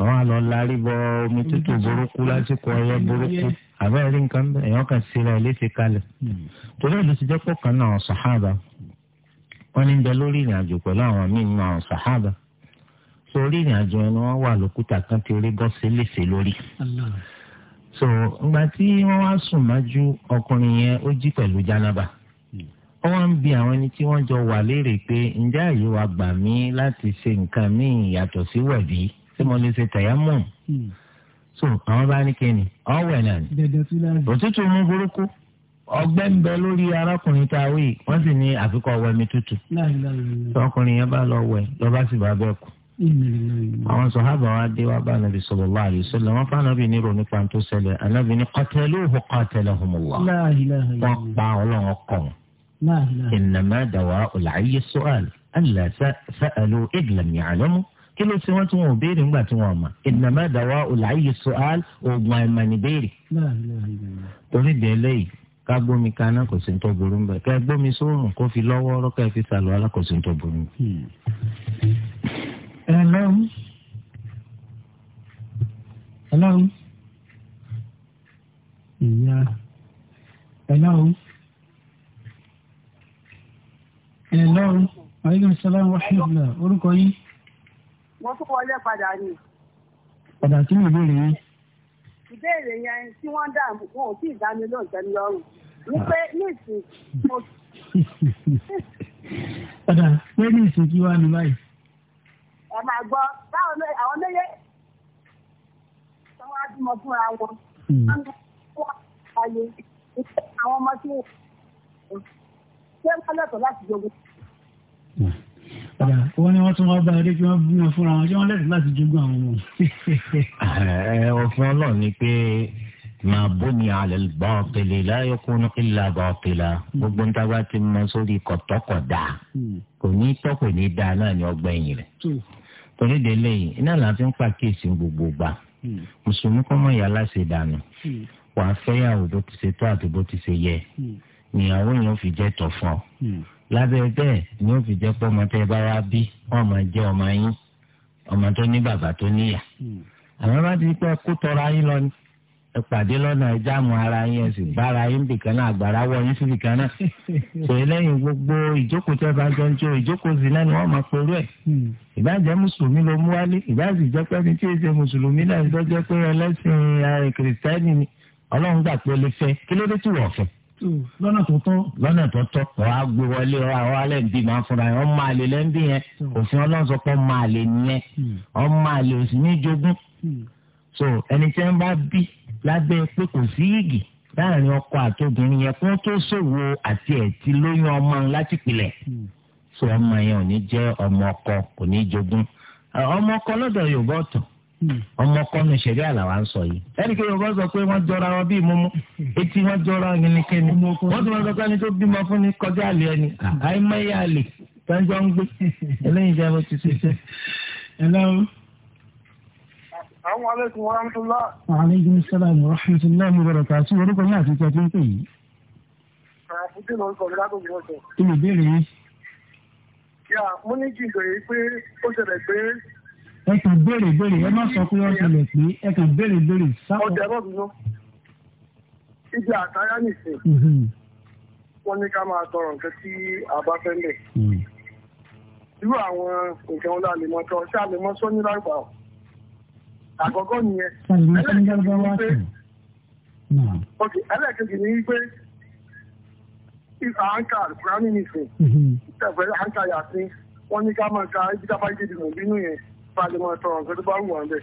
àwọn àlọ́ lárí bọ omi tútù burúkú lásìkò ọyẹ burúkú. àbẹ́rẹ́ rí nǹkan bẹ́ẹ̀ èèyàn kan síra léṣe kalẹ̀ torí ẹ̀ ló kan náà sàhábà wọ́n ní bẹ lórí ìrìn àjò pẹ̀lú àwọn míì náà sàhábà sórí ìrìn àjò ẹ̀ ni wọ́n wà lókúta kan ti rí gọ́sí léṣe lórí. so ìgbà tí wọ́n wá sùn májú ọkùnrin yẹn ó àwọn ẹni tí wọ́n jọ wà léèrè pé ǹjẹ́ àyè wa gbà mí láti ṣe nǹkan míì yàtọ̀ sí wẹ̀bí so hmm, àwọn bá ní kíni ọ̀wẹ̀ náà ni òtútù mú burúkú ọgbẹ́ ń bẹ lórí arákùnrin tá a wí wọ́n sì ní àfikọ́ ọwọ́ mi tútù ọkùnrin yẹn bá lọ wẹ̀ lọ́ba sì bá bẹ́ẹ̀ kú àwọn sọ̀hábà wa dé wa bá nàbì sallallahu alaihi wasallam wọn fún nàbì nírò nípa tó ṣẹlẹ̀ ànàbì ní qataluhu qatalahumullah wọn pa ọlọ́run kọ̀ innama dawa'ul ayyi su'al alla sa'alu idh lam ya'lamu kí ló ṣe wọ́n tí wọn ò béèrè ńgbà tí wọn ò mọ̀ innama dawa'ul ayyi su'al oògùn àìmọ̀ ní béèrè. torí délé yìí ká gbómi kaná kò sí ní tó burú mbẹ ká gbómi sóòrùn kó fi lọ́wọ́ ọ̀rọ̀ ká fi sàlọ́ ọ̀la sí tó burú hmm. hello hello ìyá hello hello aleykum salaam wa mo tún wọlé padà ni. ọ̀dà tí mo béèrè ìbéèrè yẹn tí wọ́n dà wọn ò tí ì dá mi lóhùn tẹ́mi lọ́rùn wípé níìsín mo. ọ̀dà pé níìsín kí wàá ní báyìí. ẹ máa gbọ́ báwo ló àwọn méje hmm. wọ́n á fúnra wọn. àwọn ọmọ tí wọ́n ṣe ń kọ́lẹ̀ tó láti jogún. Hmm wọ́n ní wọ́n tún wá bá a dé kí wọ́n bí wọn fúnra wọn kí wọ́n lẹ́sìn láti jogún àwọn ọmọ. Eh, eh, òfin ọlọ́run ni pé màá bóni àlẹ́ bọ́ọ̀tìlì láyé kúnú ìlà bọ́ọ̀tìlà gbogbo ń tábà ti mọ sórí kọ̀tọ́kọ̀dá hmm. kò ní tọ́kù ní da náà ní ọgbẹ́yìn rẹ̀ torí délé yìí iná là ń fi ń pàkíyèsí gbogbo gbà hmm. mùsùlùmí kọ́ mọ̀ yàrá ṣe dànù hmm. wàá fẹ́yàwó bó ti ṣe tó àti bó ti ṣe yẹ ìyàwó yẹn fi jẹ́ tọ̀ lábẹ́ bẹ́ẹ̀ ni ó fi jẹ́ pé ọmọ tẹ́ ẹ bá wá bí wọ́n máa jẹ́ ọmọ yín ọmọ tó ní bàbá tó níyà hmm. àwọn bá ti pẹ́ kó tọrọ ayé lọ ni ẹ pàdé lọ́nà ẹ jáàmù ara yín ẹ sì bára yín bìkan náà àgbàrá wọ yín síbi kan náà sọ eléyìí gbogbo ìjókòó tẹ́ bá jọ ń jó ìjókòó sí náà ni wọ́n máa pẹ̀lú ẹ̀ hmm. ìbájẹ́ mùsùlùmí ló mú wálé ìbájẹ́ ìjọpẹ́ ni tí èsè mùsùlùmí náà ń tọ́jọ́ pé ẹlẹ́sìn eh, kìrìsìtẹ́nì ni ọlọ́run gbà pé ó lè fẹ́ kí ló dé tí wọ́n fẹ́ lọ́nà tó tọ́. lọ́nà tó tọ́ ọ̀ á gbé wọlé ọ̀ àwọn alẹ́ ń bí máa fúnra ẹ̀ ọ́ máa lè lẹ́ńbí yẹn hmm. òfin ọlọ́run sọ pé máa lè nìyẹn hmm. ọ́ máa lè òsì ní jogún. Hmm. so ẹni tí wọ́n bá bí lábẹ́ pé kò sí igi láàrin ọkọ àti obìnrin yẹn kó tó ṣòwò àti ẹ̀tí lóyún ọmọ láti pilẹ̀. so ọmọ yẹn ò ní jẹ́ ọmọ ọkọ kò ní jogún ọmọ ọkọ lọ́dọ̀ Yorùbá ọ̀tọ̀ ọmọ kọ́nu ìṣẹ̀rí àlàwà ń sọ yìí. ẹnì kejì wọn sọ pé wọ́n jọra wọn bíi mímú etí wọ́n jọra yìnyínkẹ́ni wọ́n tún wọn sọ pé ẹni tó bímọ fún ni kọjá àlè ẹni àìmọye àlè tọ́jọ́ ń gbé eléyìí jẹ́ bó ti ṣe ṣe. Àwọn alaykum wa rahmatullah. Wa alaykum salaam wa rahmatullahi wa barakatuh. Orúkọ yín àti ìjọba ń pè yìí. Àfúté ló ń tó ń wọ́sọ̀. Kí ni ẹ kàn béèrè béèrè ẹ má sọ pé wọ́n ṣẹlẹ̀ pé ẹ kàn béèrè béèrè sáwọn. ọjà bọ́ bí wọ́n ibi àtayá nìsín mm-hmm. wọ́n ní ká máa tọrọ nǹkan tí a bá fẹ́ lẹ̀. Mm. irú àwọn nǹkan wọn lálẹ́ mọ́tọ́ ṣé a lè mọ́ sọ́ni lágbà ọ́ àkọ́kọ́ nìyẹn ẹlẹ́ẹ̀kejì ni wípé ìfà àǹkà kúránì nìsín mm-hmm. ìtẹ̀fẹ́ àǹkà yàtí wọ́n ní ká máa ka ibi tá a bá yé di mọ̀ bínú yẹn bá lè máa tọrọ nǹkan tó bá wù wọ́n bẹ̀.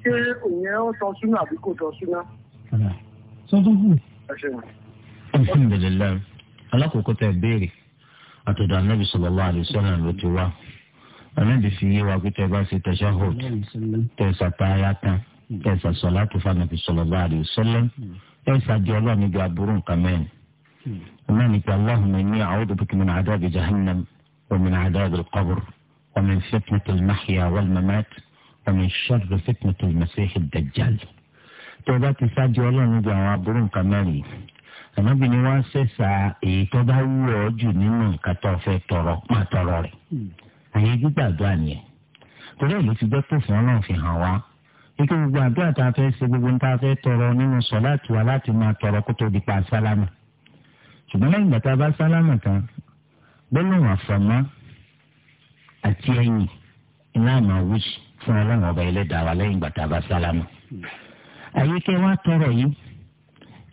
ṣé òyìn ó tọ́ súná àbí kò tọ́ súná. sọ́tún kù. alhamdulilayi alákòókò tẹ béèrè àtọ̀dọ̀ anábì sallallahu alaihi wasallam ló ti wá anábì fi yé wa pé tẹ bá ṣe tashahhud tẹ ṣàtàyà tán tẹ ṣàṣọlá tó fa nàbì sallallahu alaihi wasallam tẹ ṣàjọ ọlọ́ọ̀ni ju aburú nǹkan mẹ́rin. ọ̀nà nípa allahumma inni a'udhu bika min adhabi jahannam wa min adhabi al-qabr. ومن فتنة المحيا والممات ومن شر فتنة المسيح الدجال tó bá ti ṣáájú ọlọ́run ju àwọn aburú nǹkan mẹ́rin ànábì ni wọ́n ṣẹ̀ṣà èyí tó bá wù ọ́ jù nínú nǹkan tó fẹ́ tọrọ máa tọrọ rẹ̀ àyè gbígbàdúrà nìyẹn torí ẹ̀ ló ti gbẹ́ pòfin ọlọ́run fi hàn wá ike gbogbo àdúrà tá a fẹ́ ṣe gbogbo tá a fẹ́ tọrọ nínú sọ̀láàtì wa láti máa tọrọ kó tó di pa sálámà ṣùgbọ́n lẹ́yìn ìgbà tá a bá sálámà tán gbólóhùn àfọ̀mọ́ àti ẹ̀yìn iná máa wí fún ọlọ́run ọba ẹlẹ́dàá wa lẹ́yìn gbàtà bá sálámù. àyíkẹ́ wa tọrọ yìí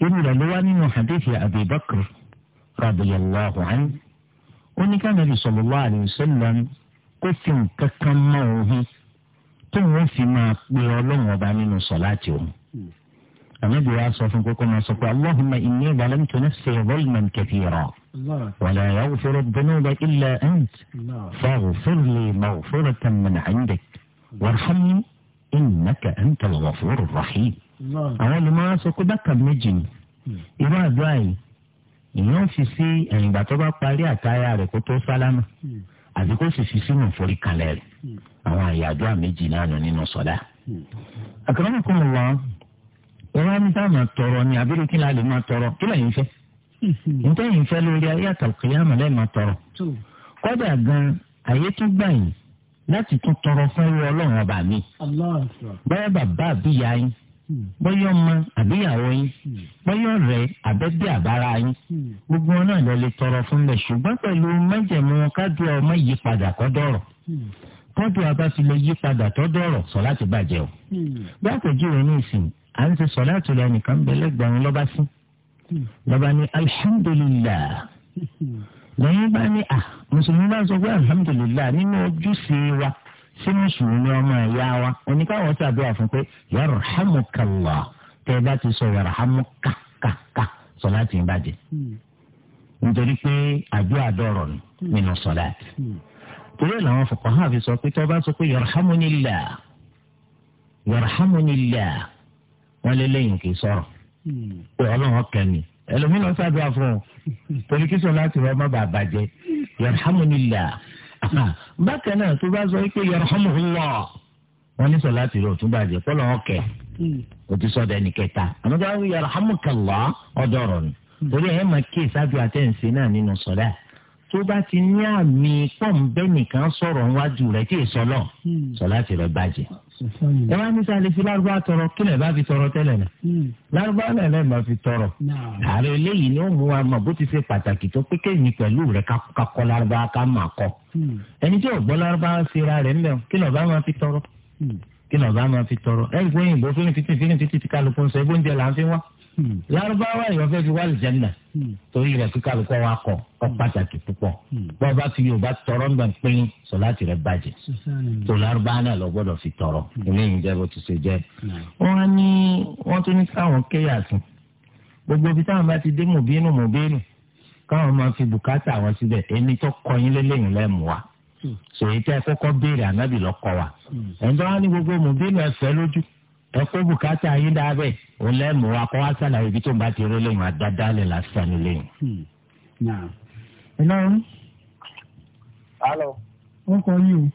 irú rẹ̀ ló wá nínú hadithi Abi Bakr radiyallahu anhu ó ní ká nàbì sallallahu alayhi wa sallam kó fi nǹkan kan mọ́ òun tó wọ́n fi máa pe ọlọ́run ọba nínú sọ̀láàtì òun. النبي عليه الصلاة والسلام يقول اللهم إني ظلمت نفسي ظلما كثيرا ولا يغفر الذنوب إلا أنت فاغفر لي مغفرة من عندك وارحمني إنك أنت الغفور الرحيم انا ما سوكو بكا مجن إبا دواي إنو في سي أن إبا توبا قالي أتايا ركوتو سلام نعم. أذكو سي سي من فوري كالير نعم. أما يادوا مجنان ونينو صلاة نعم. أكرمكم الله wọn á ní tá a máa tọrọ ni àbí kí la lè máa tọrọ kí lẹ́yìn fẹ́ ntẹ́yìn fẹ́ lórí ayé àtàkùyàmọ̀ lẹ́yìn máa tọrọ kọ́dà gan ayé tó gbà yìí láti tún tọrọ fún irú ọlọ́run ọba mi báyọ̀ bàbá àbíyá yín hmm. bọ́yọ̀ ọmọ àbíyàwó yín hmm. bọ́yọ̀ rẹ̀ àbẹ́bí àbára yín hmm. gbogbo wọn náà lọ lè tọrọ fún bẹ́ẹ̀ ṣùgbọ́n pẹ̀lú májẹ̀mú kádùá ọmọ yí padà kọ́ dọ̀rọ̀ kọ́dùá bá sọ láti bàjẹ́ o bí àpèjúwe ní ìsìn à ń ṣe sọ̀lá àtúlẹ̀ nìkan bẹ́ẹ̀ lẹ́gbẹ̀rún lọ́ba sí lọ́ba ní alihamudulilayi lẹ́yìn bá ní à ah, mùsùlùmí bá sọ pé alihamudulilayi nínú ojúṣe wa sí mùsùlùmí ọmọ ẹ̀yà wa oníkàwọ́ sàdúrà fún pé yarhamukallah tẹ́ ẹ bá ti sọ yarhamuka kàkà sọ̀lá ti ń bàjẹ́ nítorí pé àdúrà dọ̀rọ̀ nínú sọ̀lá torí làwọn fọkàn hàn fi sọ pé tẹ́ bá sọ pé yarhamunillah yarhamunillah wọ́n lé lẹ́yìn kì í sọ̀rọ̀ pé ọlọ́run kẹ́mi ẹlòmíràn sábà fún ọ torí kí sọ láti rọ ọmọ bàbá jẹ yarhamunillah bákan náà tó bá sọ pé yarhamuhullah wọ́n ní sọ láti rọ òtún bàjẹ́ kọ́ lọ́wọ́ kẹ́ kò ti sọ dẹni kẹta àmọ́ ká yarhamukallah ọ̀dọ̀ ọ̀rọ̀ ni torí ẹ̀ máa kí ìsájú àtẹ̀sí náà nínú sọ̀dá tó bá ti ní àmì pọ̀nbẹ́ nìkan sọ̀rọ̀ níwájú rẹ̀ tí ì sọ lọ sọ láti rọ bàjẹ́ ẹ wá ní sáà lè fi lárúbá tọrọ kí lè bá fi tọrọ tẹ́lẹ̀ náà hmm. lárúbá náà lè má fi tọrọ ààrẹ eléyìí ni ó mú wa mọ̀ bó ti ṣe pàtàkì tó pé kéyìn pẹ̀lú rẹ̀ ká kọ́ lárúbá ká máa kọ́ hmm. ẹni tí ò gbọ́ lárúbá síra rẹ̀ ń bẹ̀ kí lọ́ba máa fi tọrọ hmm. kí lọ́ba máa fi tọrọ ẹ̀ ń gbóyìnbó fínfíntì lárúbáwá èèyàn fẹ́ẹ́ fi wá àlùjánnà hmm. torí rẹ̀ kíkà lóko wa kọ ọ hmm. pàtàkì púpọ̀ hmm. bọ́ọ̀ bá fi yorùbá tọrọ ńgbà pín sọláàtì rẹ̀ bàjẹ́ tó lárúbáwá náà lọ gbọ́dọ̀ fi tọrọ eléyìí jẹ́ bó ti ṣe jẹ́. wọ́n ní wọ́n tún ní káwọn kéyà sùn gbogbo ibi táwọn bá ti dé mòbínú mòbínú káwọn máa fi bùkátà wọn síbẹ̀ ẹni tó kọyín lélẹ́yìn lẹ́mú wa sòyí tẹ́ kọ́kọ́ béèrè ànábì lọ́kọ wa ẹ̀ńtọ́ wá ní gbogbo mòbínú ẹ̀fẹ́ lójú ẹ kó bùkátà yín dáa bẹ́ẹ̀ òun lẹ́mú wa kọ́ wá sàlàyé ibi tó ń bá ti rọ́ lẹ́yìn àdáadáa lẹ̀ lásán lẹ́yìn. Hmm. hello. hello. ó kọ yín o.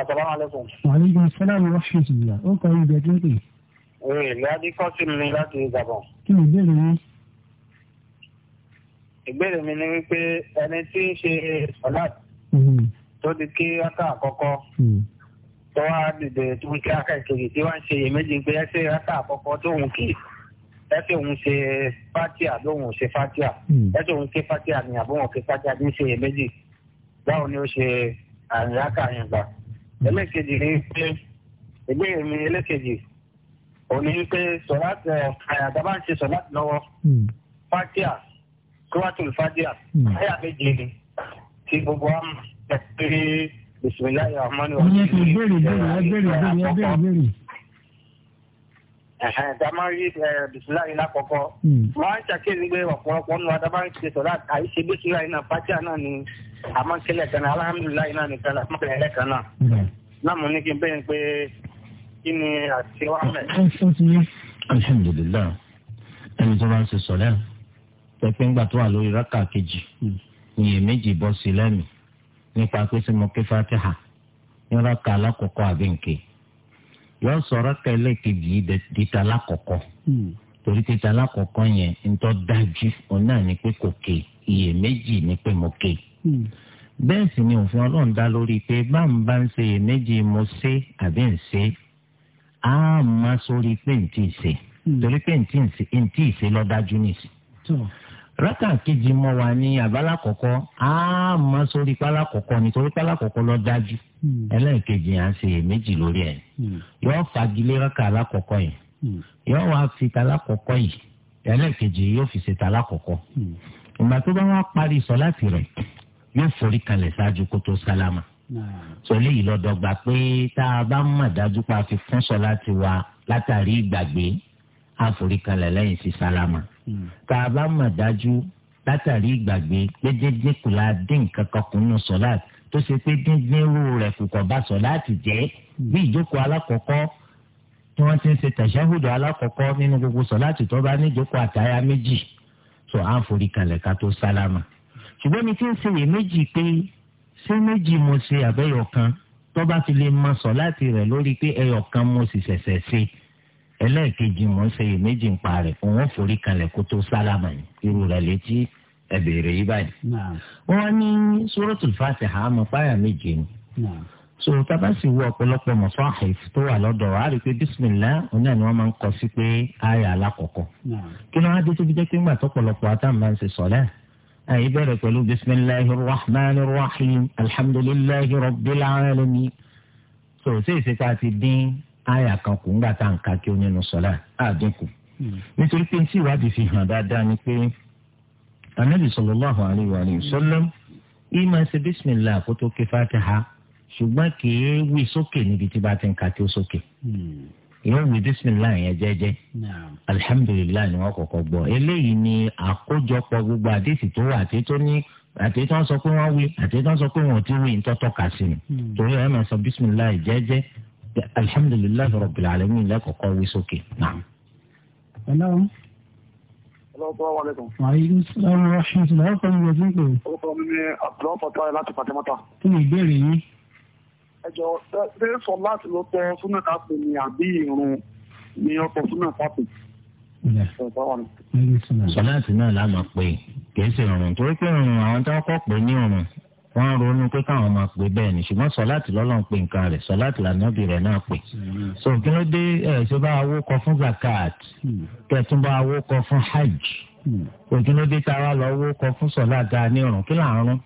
asalaamualeykum. waaleykum salaam wa rahmatulah ó kọ yín bẹ́ẹ̀ tó pè. ee ladi kọ́sìn mi láti gabon. kí ni ìbéèrè yín. ìbéèrè mi ni wípé ẹni tí ń ṣe ọ̀la hmm. tó ti kí ata àkọ́kọ́. Hmm tó wá bẹ̀rẹ̀ tó ń kí akáàkiri tí wọ́n ń ṣe iyèméjì pé ẹsẹ̀ rákà àkọ́kọ́ tó ń kì ẹsẹ̀ òun ṣe fatia lóun ṣe fatia hmm. ẹsẹ̀ òun ké fatia ni àbọ̀wọ̀n ké fatia ní ṣe iyèméjì báwo ni ó ṣe àrùn rákà yẹn gbà ẹlẹ́kejì ni pé ìbéèrè mi ẹlẹ́kejì òní pé sọ̀láàtì àyàgbá ń ṣe sọ̀láàtì lọ́wọ́ fatia kíwátùl fatia ẹ̀yà méje ni tí gbogbo àmọ̀ ẹ̀ bisimilayi rahman rahim. ìyẹn kò béèrè béèrè ẹ béèrè béèrè ẹ béèrè béèrè. Damari bisimilayi lakọkọ. Wọ́n á ṣàkíyèsí pé ọ̀pọ̀lọpọ̀ nù Adamari ti sọ̀rọ̀ àìṣe bisimilayi náà Fatiha náà ni àmọ́kẹ́lẹ̀ kan náà alhamdulilayi náà nìkan náà àmọ́kẹ́lẹ̀ ẹ̀rẹ́ kan náà. Náà mo ní kí n bẹ́ẹ̀ pé kí ni àti wá mẹ́. Alhamdulilayi ẹni tó bá ń ṣe sọ̀lẹ́ pẹ̀pẹ́ ńgbà tó wà lórí rákà kejì ìyè méjì bọ́ sí lẹ́mìí nípa pé sí mo ké fatiha yọrọ ká alákọ̀ọ́kọ́ àbí nke yọ sọ̀rọ̀ ká ẹlẹ́kejì dìtà alákọ̀ọ́kọ́ hmm. torí dìtà alákọ̀ọ́kọ́ yẹn ńtọ́ dájú òun ni pé kò ké iyèméjì ni pé mo ké hmm. bẹ́ẹ̀ sì ni òfin ọlọ́run dá lórí pé báwọn bá ń ṣe iyèméjì mo ṣe àbí ń ṣe á máa sórí pé ń tí ì ṣe hmm. torí pé ń tí ì ṣe lọ́dájú nìyí rákà kejì mọ wa ní àbálà kọ̀kọ́ á mọ sórí pálá kọ̀kọ́ nítorí pálá kọ̀kọ́ lọ dájú hmm. ẹlẹ́ẹ̀kejì yẹn á ṣe méjì lórí ẹ̀ hmm. yóò fagilé rákà alákọ̀kọ́ yìí hmm. yóò wá fi tálá kọ̀kọ́ yìí ẹlẹ́ẹ̀kejì yóò fi ṣe tálá kọ̀kọ́ ìgbà tó bá wá parí sọ̀láàtì rẹ̀ yóò forí kalẹ̀ ṣáájú kó tó sálámà sọlẹ́ yìí lọ́dọ̀gba pé tá a bá mọ̀ dájú pé fi fún sọ̀láàtì wa látàrí ìgbàgbé àforíkalẹ̀ lẹ́yìn sí sálámà tá a bá mà dájú látàrí ìgbàgbé pé déédéé kù la dín nǹkan kan kún nù sọ́lá tó ṣe pé díndín rú rẹ̀ kù kọ̀ bá sọ́lá ti jẹ́ bí ìjókòó alákọ̀ọ́kọ́ tí wọ́n ti ń ṣe tẹ̀síáhùdù alákọ̀ọ́kọ́ nínú gbogbo sọ́lá tó bá níjókòó àtàyà méjì tó à ń forí kalẹ̀ ká tó sálámà ṣùgbọ́n mi ti ń ṣe èméjì pé ṣé méjì mo ṣe àbẹ́yọ̀ kan tó bá fi lè mọ sọ́lá ti rẹ̀ lórí pé ẹyọ̀ kan mo sì ṣẹ̀ṣẹ̀ ṣe ẹlẹ́ẹ̀kejì mọ̀ ń ṣe méjì ń pa rẹ̀ òun forí kalẹ̀ kó tó sálámà ní irú rẹ̀ létí ẹ béèrè yìí báyìí. wọ́n ní suratul Fatiha àmọ́ páyà méje ni. so tábà sì wo ọ̀pọ̀lọpọ̀ mọ̀sáhìf tó wà lọ́dọ̀ wa rí i pé bísímìlá òun náà ni wọ́n máa ń kọ sí pé àyà alákọ̀ọ́kọ́. kí ló wá dé tó jẹ́ pé ńgbà tọ́pọ̀lọpọ̀ àtàwọn máa ń ṣe sọ̀lẹ́ àyè bẹ̀rẹ̀ Aya kan kò ń gbà tá à kí ó nínú sọlá àdínkù hmm. nítorí pé tí ìwádìí fi hàn dáadáa ni pé anabi sallallahu alayhi wa sallam ìmọ̀ ṣe bísímìlá àkótó kí fatiha ṣùgbọ́n kì í wí sókè níbi tí bá ti ń ka tí ó sókè hmm. yóò wí bísímìlá yẹn jẹ́jẹ́ alihamudulilayi ni wọ́n kọ́kọ́ gbọ́ eléyìí ni àkójọpọ̀ gbogbo àdéhìí tó wà àti tó ní àti tó ń sọ pé wọ́n wí àti tó ń sọ pé wọ́n ti wí ń tọ́tọ́ kà sí ni hmm. torí ẹ̀ máa sọ bísímìlá yẹn jẹ́jẹ́ alhamdulilayi rabbil alamin lẹ́kọ̀ọ́kọ́ wí sókè náà. hello. hello salaam aleykum. aleykum salaam wa rahmatulah ọkọ mi wọ̀sán pé. orúkọ mi ni abdulhaw fatah ayé láti fatimata. kí ni ìbéèrè yín. ẹ jọ ṣe sọ láti ló tọ súnà káfí ni àbí irun ni ọkọ súnà káfí. sọláàtì náà la máa pè kì í ṣe ọ̀run torí pé ọ̀run àwọn tó kọ́ pé ní ọ̀run wọ́n ronú pé káwọn máa pè bẹ́ẹ̀ ni ṣùgbọ́n sọláàtì lọ́lọ́run pé nǹkan rẹ̀ sọláàtì lànàbì rẹ̀ náà pè. so kí ló dé ẹ̀ ṣe bá awó kọ fún zakat kẹtùn bá awó kọ fún hajj òkè ló dé táwa lọ owó kọ fún sọláàtì anírun kí làárún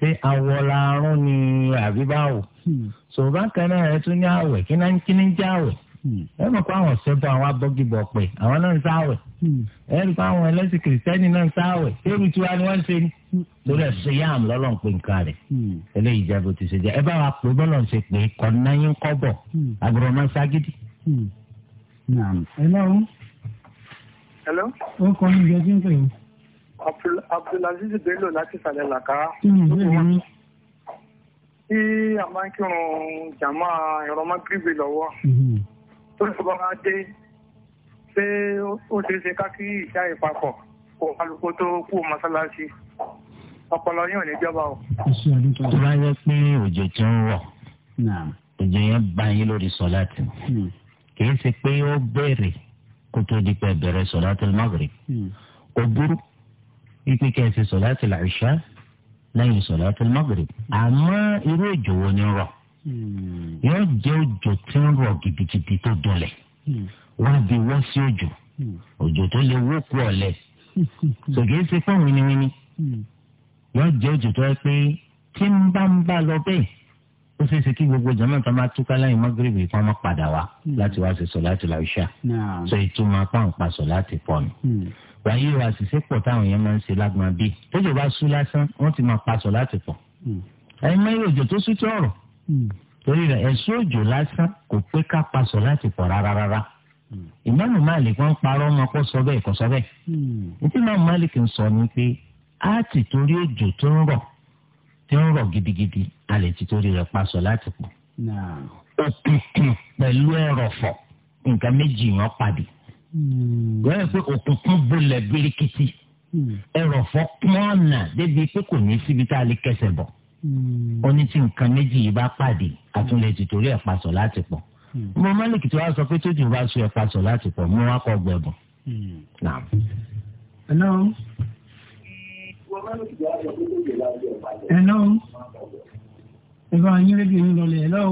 ṣé awọ làárún ni àbí báwo. so bákan náà ẹ tún ní àwẹ̀ kí ní jẹ́ àwẹ̀ ẹ mọ̀ pé àwọn ṣẹ́gun àwọn abọ́gibọ̀ pẹ̀ àwọn náà ń sáwẹ̀ ẹ rí i pé àwọn ẹlẹ́sìn kìrìsìtẹ́nì náà ń sáwẹ̀ ewu tiwa ni wọ́n ń ṣe ni lórí ẹ̀sìn yam lọ́lọ́n pé nǹkan rẹ̀ eléyìí jẹ́ bó ti ṣe jẹ́ ẹ bá wa pè bọ́lọ̀ ń ṣe pé kọ́nà yín kọ́ bọ̀ àbúrò máa ń ságídì. hello. ó kọ́ ní ìjọ tí ń pè é. Abdulaziz Bello láti ìsàlẹ̀ làkà. kí ni ìbéèrè a máa ń kírun jàmáà olùkọ́ máa dé ṣé ó ṣeé ṣe ká kí ìṣá ìpapọ̀ kó kálukú tó kú mọ́ṣáláṣí ọpọlọ yín ò ní jọba o. tó bá yẹ pé òjò tí ń rọ̀ òjò yẹn bá yín lórí sọ́láàtì hmm. kì í ṣe pé ó bẹ̀rẹ̀ kó tó di pé bẹ̀rẹ̀ sọ́láàtì Maghrib kò hmm. burú wípé kẹ́ ẹ ṣe sọ́láàtì Ìṣá lẹ́yìn sọ́láàtì Maghrib hmm. àmọ́ irú òjò wo ni ń rọ̀ yóò hmm. jẹ́ òjò tí ń rọ̀ gidigidi tó dọlẹ̀ hmm. wọ́n di wọ́n sí òjò hmm. òjò tó lè wó kú ọ̀lẹ̀ sògè ṣe fún wíníwíní yóò jẹ́ òjò tó yẹ pé tí ń bá ń bá lọ bẹ́ẹ̀ ó ṣeé ṣe kí gbogbo jama tó máa túká lẹ́yìn mọ́gírìbì kí wọ́n máa padà wá láti wá ṣe sọ láti la ṣá sọ ìtumọ̀ apáǹpa sọ láti pọ̀ nù. wáyé wa ṣiṣẹ́ pọ̀ táwọn yẹn máa ń ṣe lágbọ̀n bíi tójò bá sú lásán wọ́n ti máa pa sọ láti pọ̀. ẹ̀yin mẹ́rin òjò tó sú tí ọ̀rọ̀ torí rẹ̀ ẹ̀sùn òjò lásán kò pé ká paṣọ láti pọ̀ rárá rárá ìmáàmù Malik wọn parọ́ ọmọ kó sọ bẹ́ẹ̀ kó sọ bẹ́ẹ̀ nítorí ìmáàmù Malik ń sọ ni pé a ti torí òjò tó ń rọ̀ tó ń rọ̀ gidigidi a lè ti torí rẹ̀ paṣọ láti pọ̀ òkùnkùn pẹ̀lú ẹ̀rọ̀fọ̀ nǹkan méjì yẹn pàdé wọ́n yẹ pé òkùnkùn bolẹ̀ birikiti ẹ̀rọ̀fọ̀ pọ́nà débi pé kò ní síbi tá a lè kẹsẹ̀ bọ̀ Hmm. ó ní tí nǹkan méjì yìí bá pàdé àtúnlẹ̀ ti torí ẹ̀ pasọ̀ láti pọ̀ hmm. mo mọ́lìkì tí wàá sọ pé tójú bá sọ ẹ̀ pasọ̀ láti pọ̀ mo wá kọ́ gbẹ̀bùn. Hmm. hello. hello. ẹ̀rọ ayín rédíò yín lọlẹ̀ hello.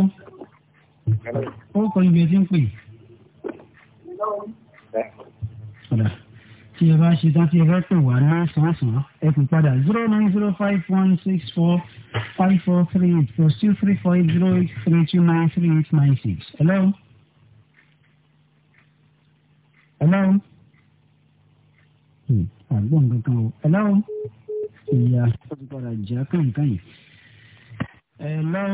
ó kọ́ ibi ẹ̀ tí ń pè. hello tí ẹ bá ṣe tán tí ẹ fẹ́ pè wá ní sàn-sàn ẹ pè padà zero nine zero five one six four five four three eight plus two three four eight zero eight three two nine three eight nine six. hello. hello. Hmm, àgbọ̀n kankan o hello. ìyá ó ti padà jẹ́ kàǹkàn yìí. hello.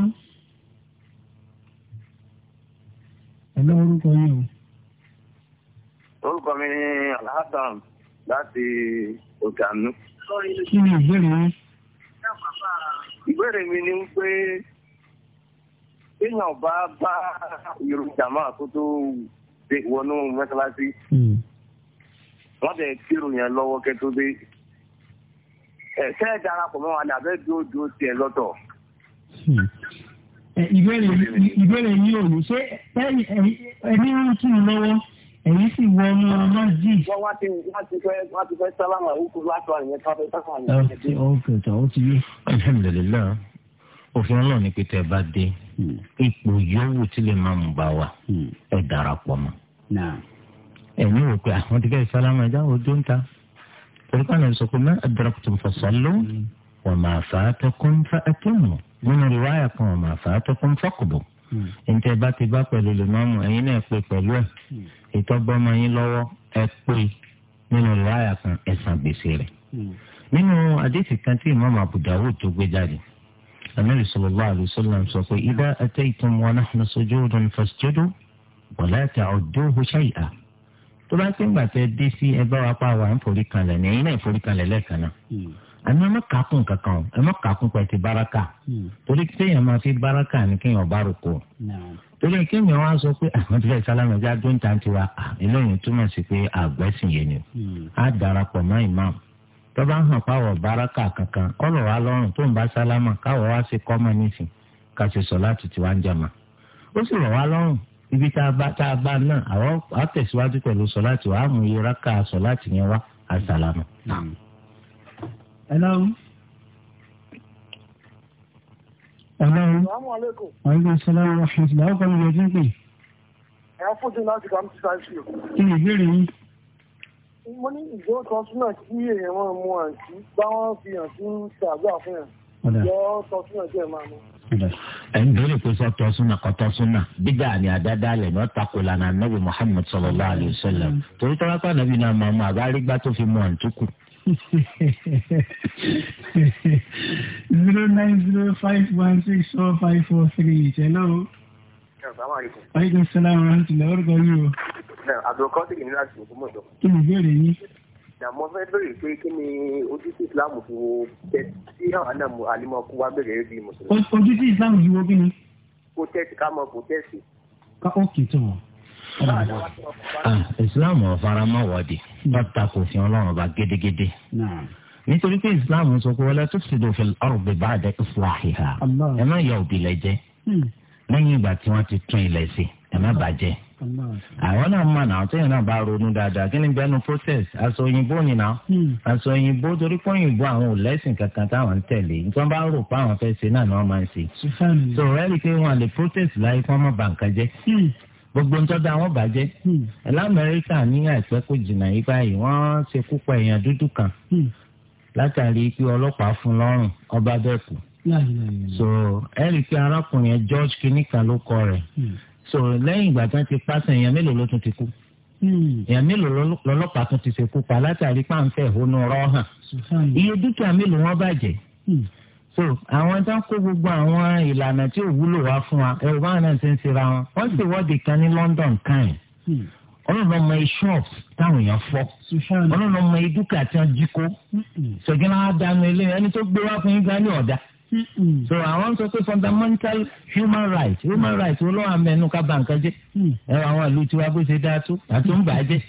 hello orúkọ yín o. orúkọ mi ni alhassan láti ọ̀gànú. kí ni ìbéèrè yín. ìbéèrè mi ni pé téèyàn bá bá yorùbá máa tó tó wọnú mọ́ṣáláṣí hmm. wọ́n bẹ̀ kírun yẹn lọ́wọ́ kẹ́ tó dé ẹ̀ṣẹ́ darapọ̀ mọ́ wa ni àbẹ́ dúró dúró tiẹ̀ lọ́tọ̀. Hmm. ìbéèrè yín ò ní ṣé ẹni ń kí n lọ́wọ́ èyí sì wọ ọmọ ọlọ́jì. wọ́n wá ti wá ti fẹ́ wá ti fẹ́ sálámà òkú láti wà nìyẹn káfẹ́ sálámà nìyẹn. ọkẹ tó o ti yé. alhamdulilayi òfin ọlọ́run ni pété bá dé hmm. ipò yòówù tí lè máa mú bá wa hmm. ẹ darapọ̀ mọ́. ẹ̀yin wò pé àwọn ti fẹ́ sálámà ẹja ojú ń ta orúkọ náà sọ pé mẹ́rin darapọ̀ fọ sọ́lọ́ wọ́n máa fà á tẹkùn fà á tẹ̀wọ̀n nínú ìwáyà kan wọ́n máa fà á tẹkùn fà kùbọ̀ ntẹ bá ti bá pẹ̀lú lèmọ́mù ẹ̀yin náà pè pẹ̀lú ẹ̀ ìtọ́gbọ́mọ yín lọ́wọ́ ẹ pé nínú láyà kan ẹ̀sán gbèsè rẹ̀. nínú àdéhìí kan tí ìmáàmù Abu Dawud tó gbé jáde anabi sallallahu alayhi wa sallam sọ pé idha ataytum wa nahnu sujudun fasjudu wa la ta'udduhu shay'a tó bá ti ń gbà tẹ dé sí ẹ wa pa àwọn àǹforí ní ẹ̀yin náà ìforí lẹ́ẹ̀kan náà. àmì ẹ kankan o ẹ má kàákùn pẹ̀lú ti baraka hmm. torí kéèyàn fi baraka ni kéèyàn bá rò kó torí kéèyàn wá sọ pé àwọn ah, tí ta tiwa ah, eléyìí túmọ̀ sí pé àgbẹ̀sìn yẹn ni á hmm. darapọ̀ mọ́ imam tó bá hàn pàwọ̀ baraka kankan wa lọ́rùn tó ń bá sálámù káwọ̀ wá sí kọ́mọ nísìn ká sọ láti tiwa ń jàmà ó sì ibi tá a bá náà àwọn àtẹ̀síwájú pẹ̀lú sọ Hello. Hello. Assalamu alaikum. Wa alaikum salaam wa rahmatullahi wa barakatuh. Ẹ̀yà fúnjú láti kà ń ti ṣáìsì o. Kí ni ìbéèrè yín? Mo ní ìjọ kan súnà kí èèyàn máa mu àǹtí bá wọ́n fi hàn sí ṣàgbà fún yàn. Ìjọ kan súnà kí ẹ máa mu. Ẹ̀yin béèrè pé sọ tọ́súnà kọ́ ọ̀tà kò lànà Nàbì Mùhàmmad sallallahu alayhi wa mm. Torí tọ́lápá Nàbì náà máa mú àbá tó fi mu àǹtí kù zero nine zero five one six four five four three hello. aleykum salaam wa rahmatulah orúkọ yìí o. àbúrò sí ìnira sí òkú mọ̀jọ. kí ni ìbéèrè yín. àmọ́ fẹ́ bèrè pé kí ni ojú sí ìsìláàmù fi wo tẹ́tí sí àwọn náà mú alimọ̀kú wa bẹ̀rẹ̀ bí mùsùlùmí. ojú sí ìsìláàmù fi wo kí ni. kò tẹ́tí ká mọ kò tẹ́tí. ká ó kì tó wọn. Ah, islam ọ̀faramọ́ wọ̀de bàtà kò fi ọlọ́run bá gédégédé nítorí pé islam sọ pé wala tufsidu fil ardi ba'da islahiha ẹ má yọ òbí lẹ́jẹ́ hmm. lẹ́yìn ìgbà tí wọ́n ti tún ilẹ̀ ṣe ẹ má bàjẹ́ àwọn náà mọ náà tẹ́yìn náà bá ronú dáadáa kí ni bẹ́ẹ̀nu process aṣọ òyìnbó ni náà hmm. aṣọ òyìnbó torí pé òyìnbó àwọn ò lẹ́sìn kankan táwọn ń tẹ̀lé nǹkan bá rò pé àwọn fẹ́ ṣe náà ni wọ́n máa ń ṣe. so rẹ́ẹ̀lì pé wọ́n lè protest láyé kí wọ́n má ba nǹkan jẹ́. Hmm gbogbo nǹkan dá wọn bàjẹ́ ẹ̀ hmm. lamẹ́ríkà ní àìpẹ́ kò jìnnà yí báyìí wọ́n ṣe púpọ̀ èèyàn dúdú kan hmm. látàrí pé ọlọ́pàá fún lọ́rùn ọba bẹ́ẹ̀ kú so ẹ rí i pé arákùnrin George kinní kan ló kọ rẹ̀ hmm. so lẹ́yìn ìgbà tí wọ́n ti pàṣẹ èèyàn mélòó ló tún ti kú èèyàn mélòó lọ́lọ́pàá tún ti ṣekú pa látàrí páńfẹ́ ìhónú rọ́ hàn iye dúkìá mélòó wọ́n bàjẹ́ so hmm. àwọn tó ń kó gbogbo àwọn ìlànà tí ò wúlò wá fún wa ẹ̀rù báwọn náà ṣe ń ṣe ra wọn wọ́n sì wọ́de kan ní London kan yìí hmm. ọlọ́run ọmọ shops táwọn èèyàn fọ́ ọlọ́run ọmọ dúkìá tí wọ́n jí kó hmm. ṣègbọ́n á dánu ilé ẹni tó gbé wá fún yín gan ọ̀dà so àwọn sọ pé fundamental human rights human rights wo ló wà mẹ́nu ká bá nǹkan jẹ́ ẹ̀rọ àwọn ìlú tiwa bó ṣe dá tó àti ń bàjẹ́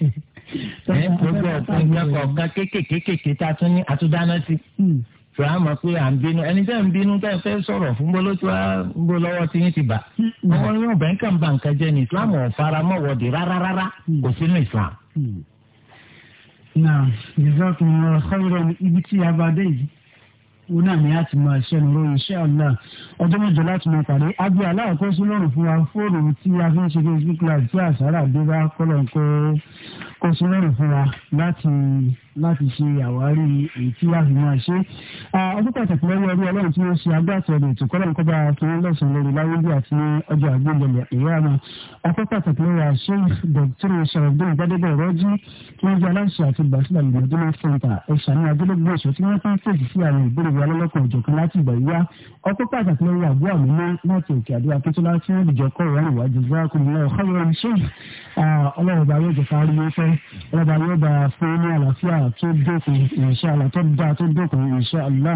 ẹ̀ gbogbo ọ̀pọ̀ ìyàkọ̀ kan kéékèèké tá a tún ní àtúndáná sí tó a mọ̀ pé à ń bínú ẹni tẹ́ ń bínú tẹ́ fẹ́ sọ̀rọ̀ fún bó ló ti wá ń bó lọ́wọ́ tí yín ti bà. Hmm. àwọn yóò bẹ́ẹ̀ kàn bá nǹkan jẹ́ ní islam ò fara mọ́ wọ̀dì rárá rárá hmm. kò sínú islam. Hmm. náà jazakumullahu khairan ibi tí a bá dé yìí òun náà ni a ti máa ṣẹnu ró iṣẹ́ Allah ọjọ́ mẹ́jọ láti máa pàdé agbe aláàkọ́sí fún wa fóònù tí a fi ń ṣe Facebook live tí àṣàrà dé bá kò sí lọ́rùn fún wa láti láti ṣe àwárí èyí tí wàá fi máa ṣe. ọdún pàtàkì lọ́wọ́ ọdún ọlọ́run tí ó ṣe agbáàtọ̀ rẹ̀ tó kọ́lọ́n kọ́ba fún lọ́sàn-án lórí láwùjọ àti ọjọ́ àgbéjọba ìyáàmà. ọkọ̀ pàtàkì lọ́wọ́ àṣẹ dọ̀tírì sọ̀rọ̀dún gbadébọ̀ rọ́jí tí wọ́n jẹ́ aláṣẹ àti gbàsílẹ̀ ìgbàdúrà fẹ́ǹtà ẹ̀ṣánú adélógbò ọ̀ṣọ́ tí wọ́n fẹ́ fèsì sí àwọn ìbéèrè wa lọ́lọ́kan òjọ̀kan láti ìgbà yíwá ọkọ̀ pàtàkì lọ́wọ́ àbú àmúná láti òkè àdúrà kẹ́tọ́lá tí wọ́n dìjọ́ kọ́ fẹ́ ọba yóò bá a fún ní àlàáfíà tó dókun ìṣàlá tó dá tó dókun ìṣàlá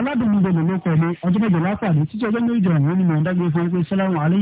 ọládùnmí bẹ̀rẹ̀ ló ní ọdún mẹ́jọ lápàdé títí ọjọ́ méjì ọ̀hún ni mọ̀ ọ́n dágbé fún ẹgbẹ́ sẹ́láwọ̀n alẹ́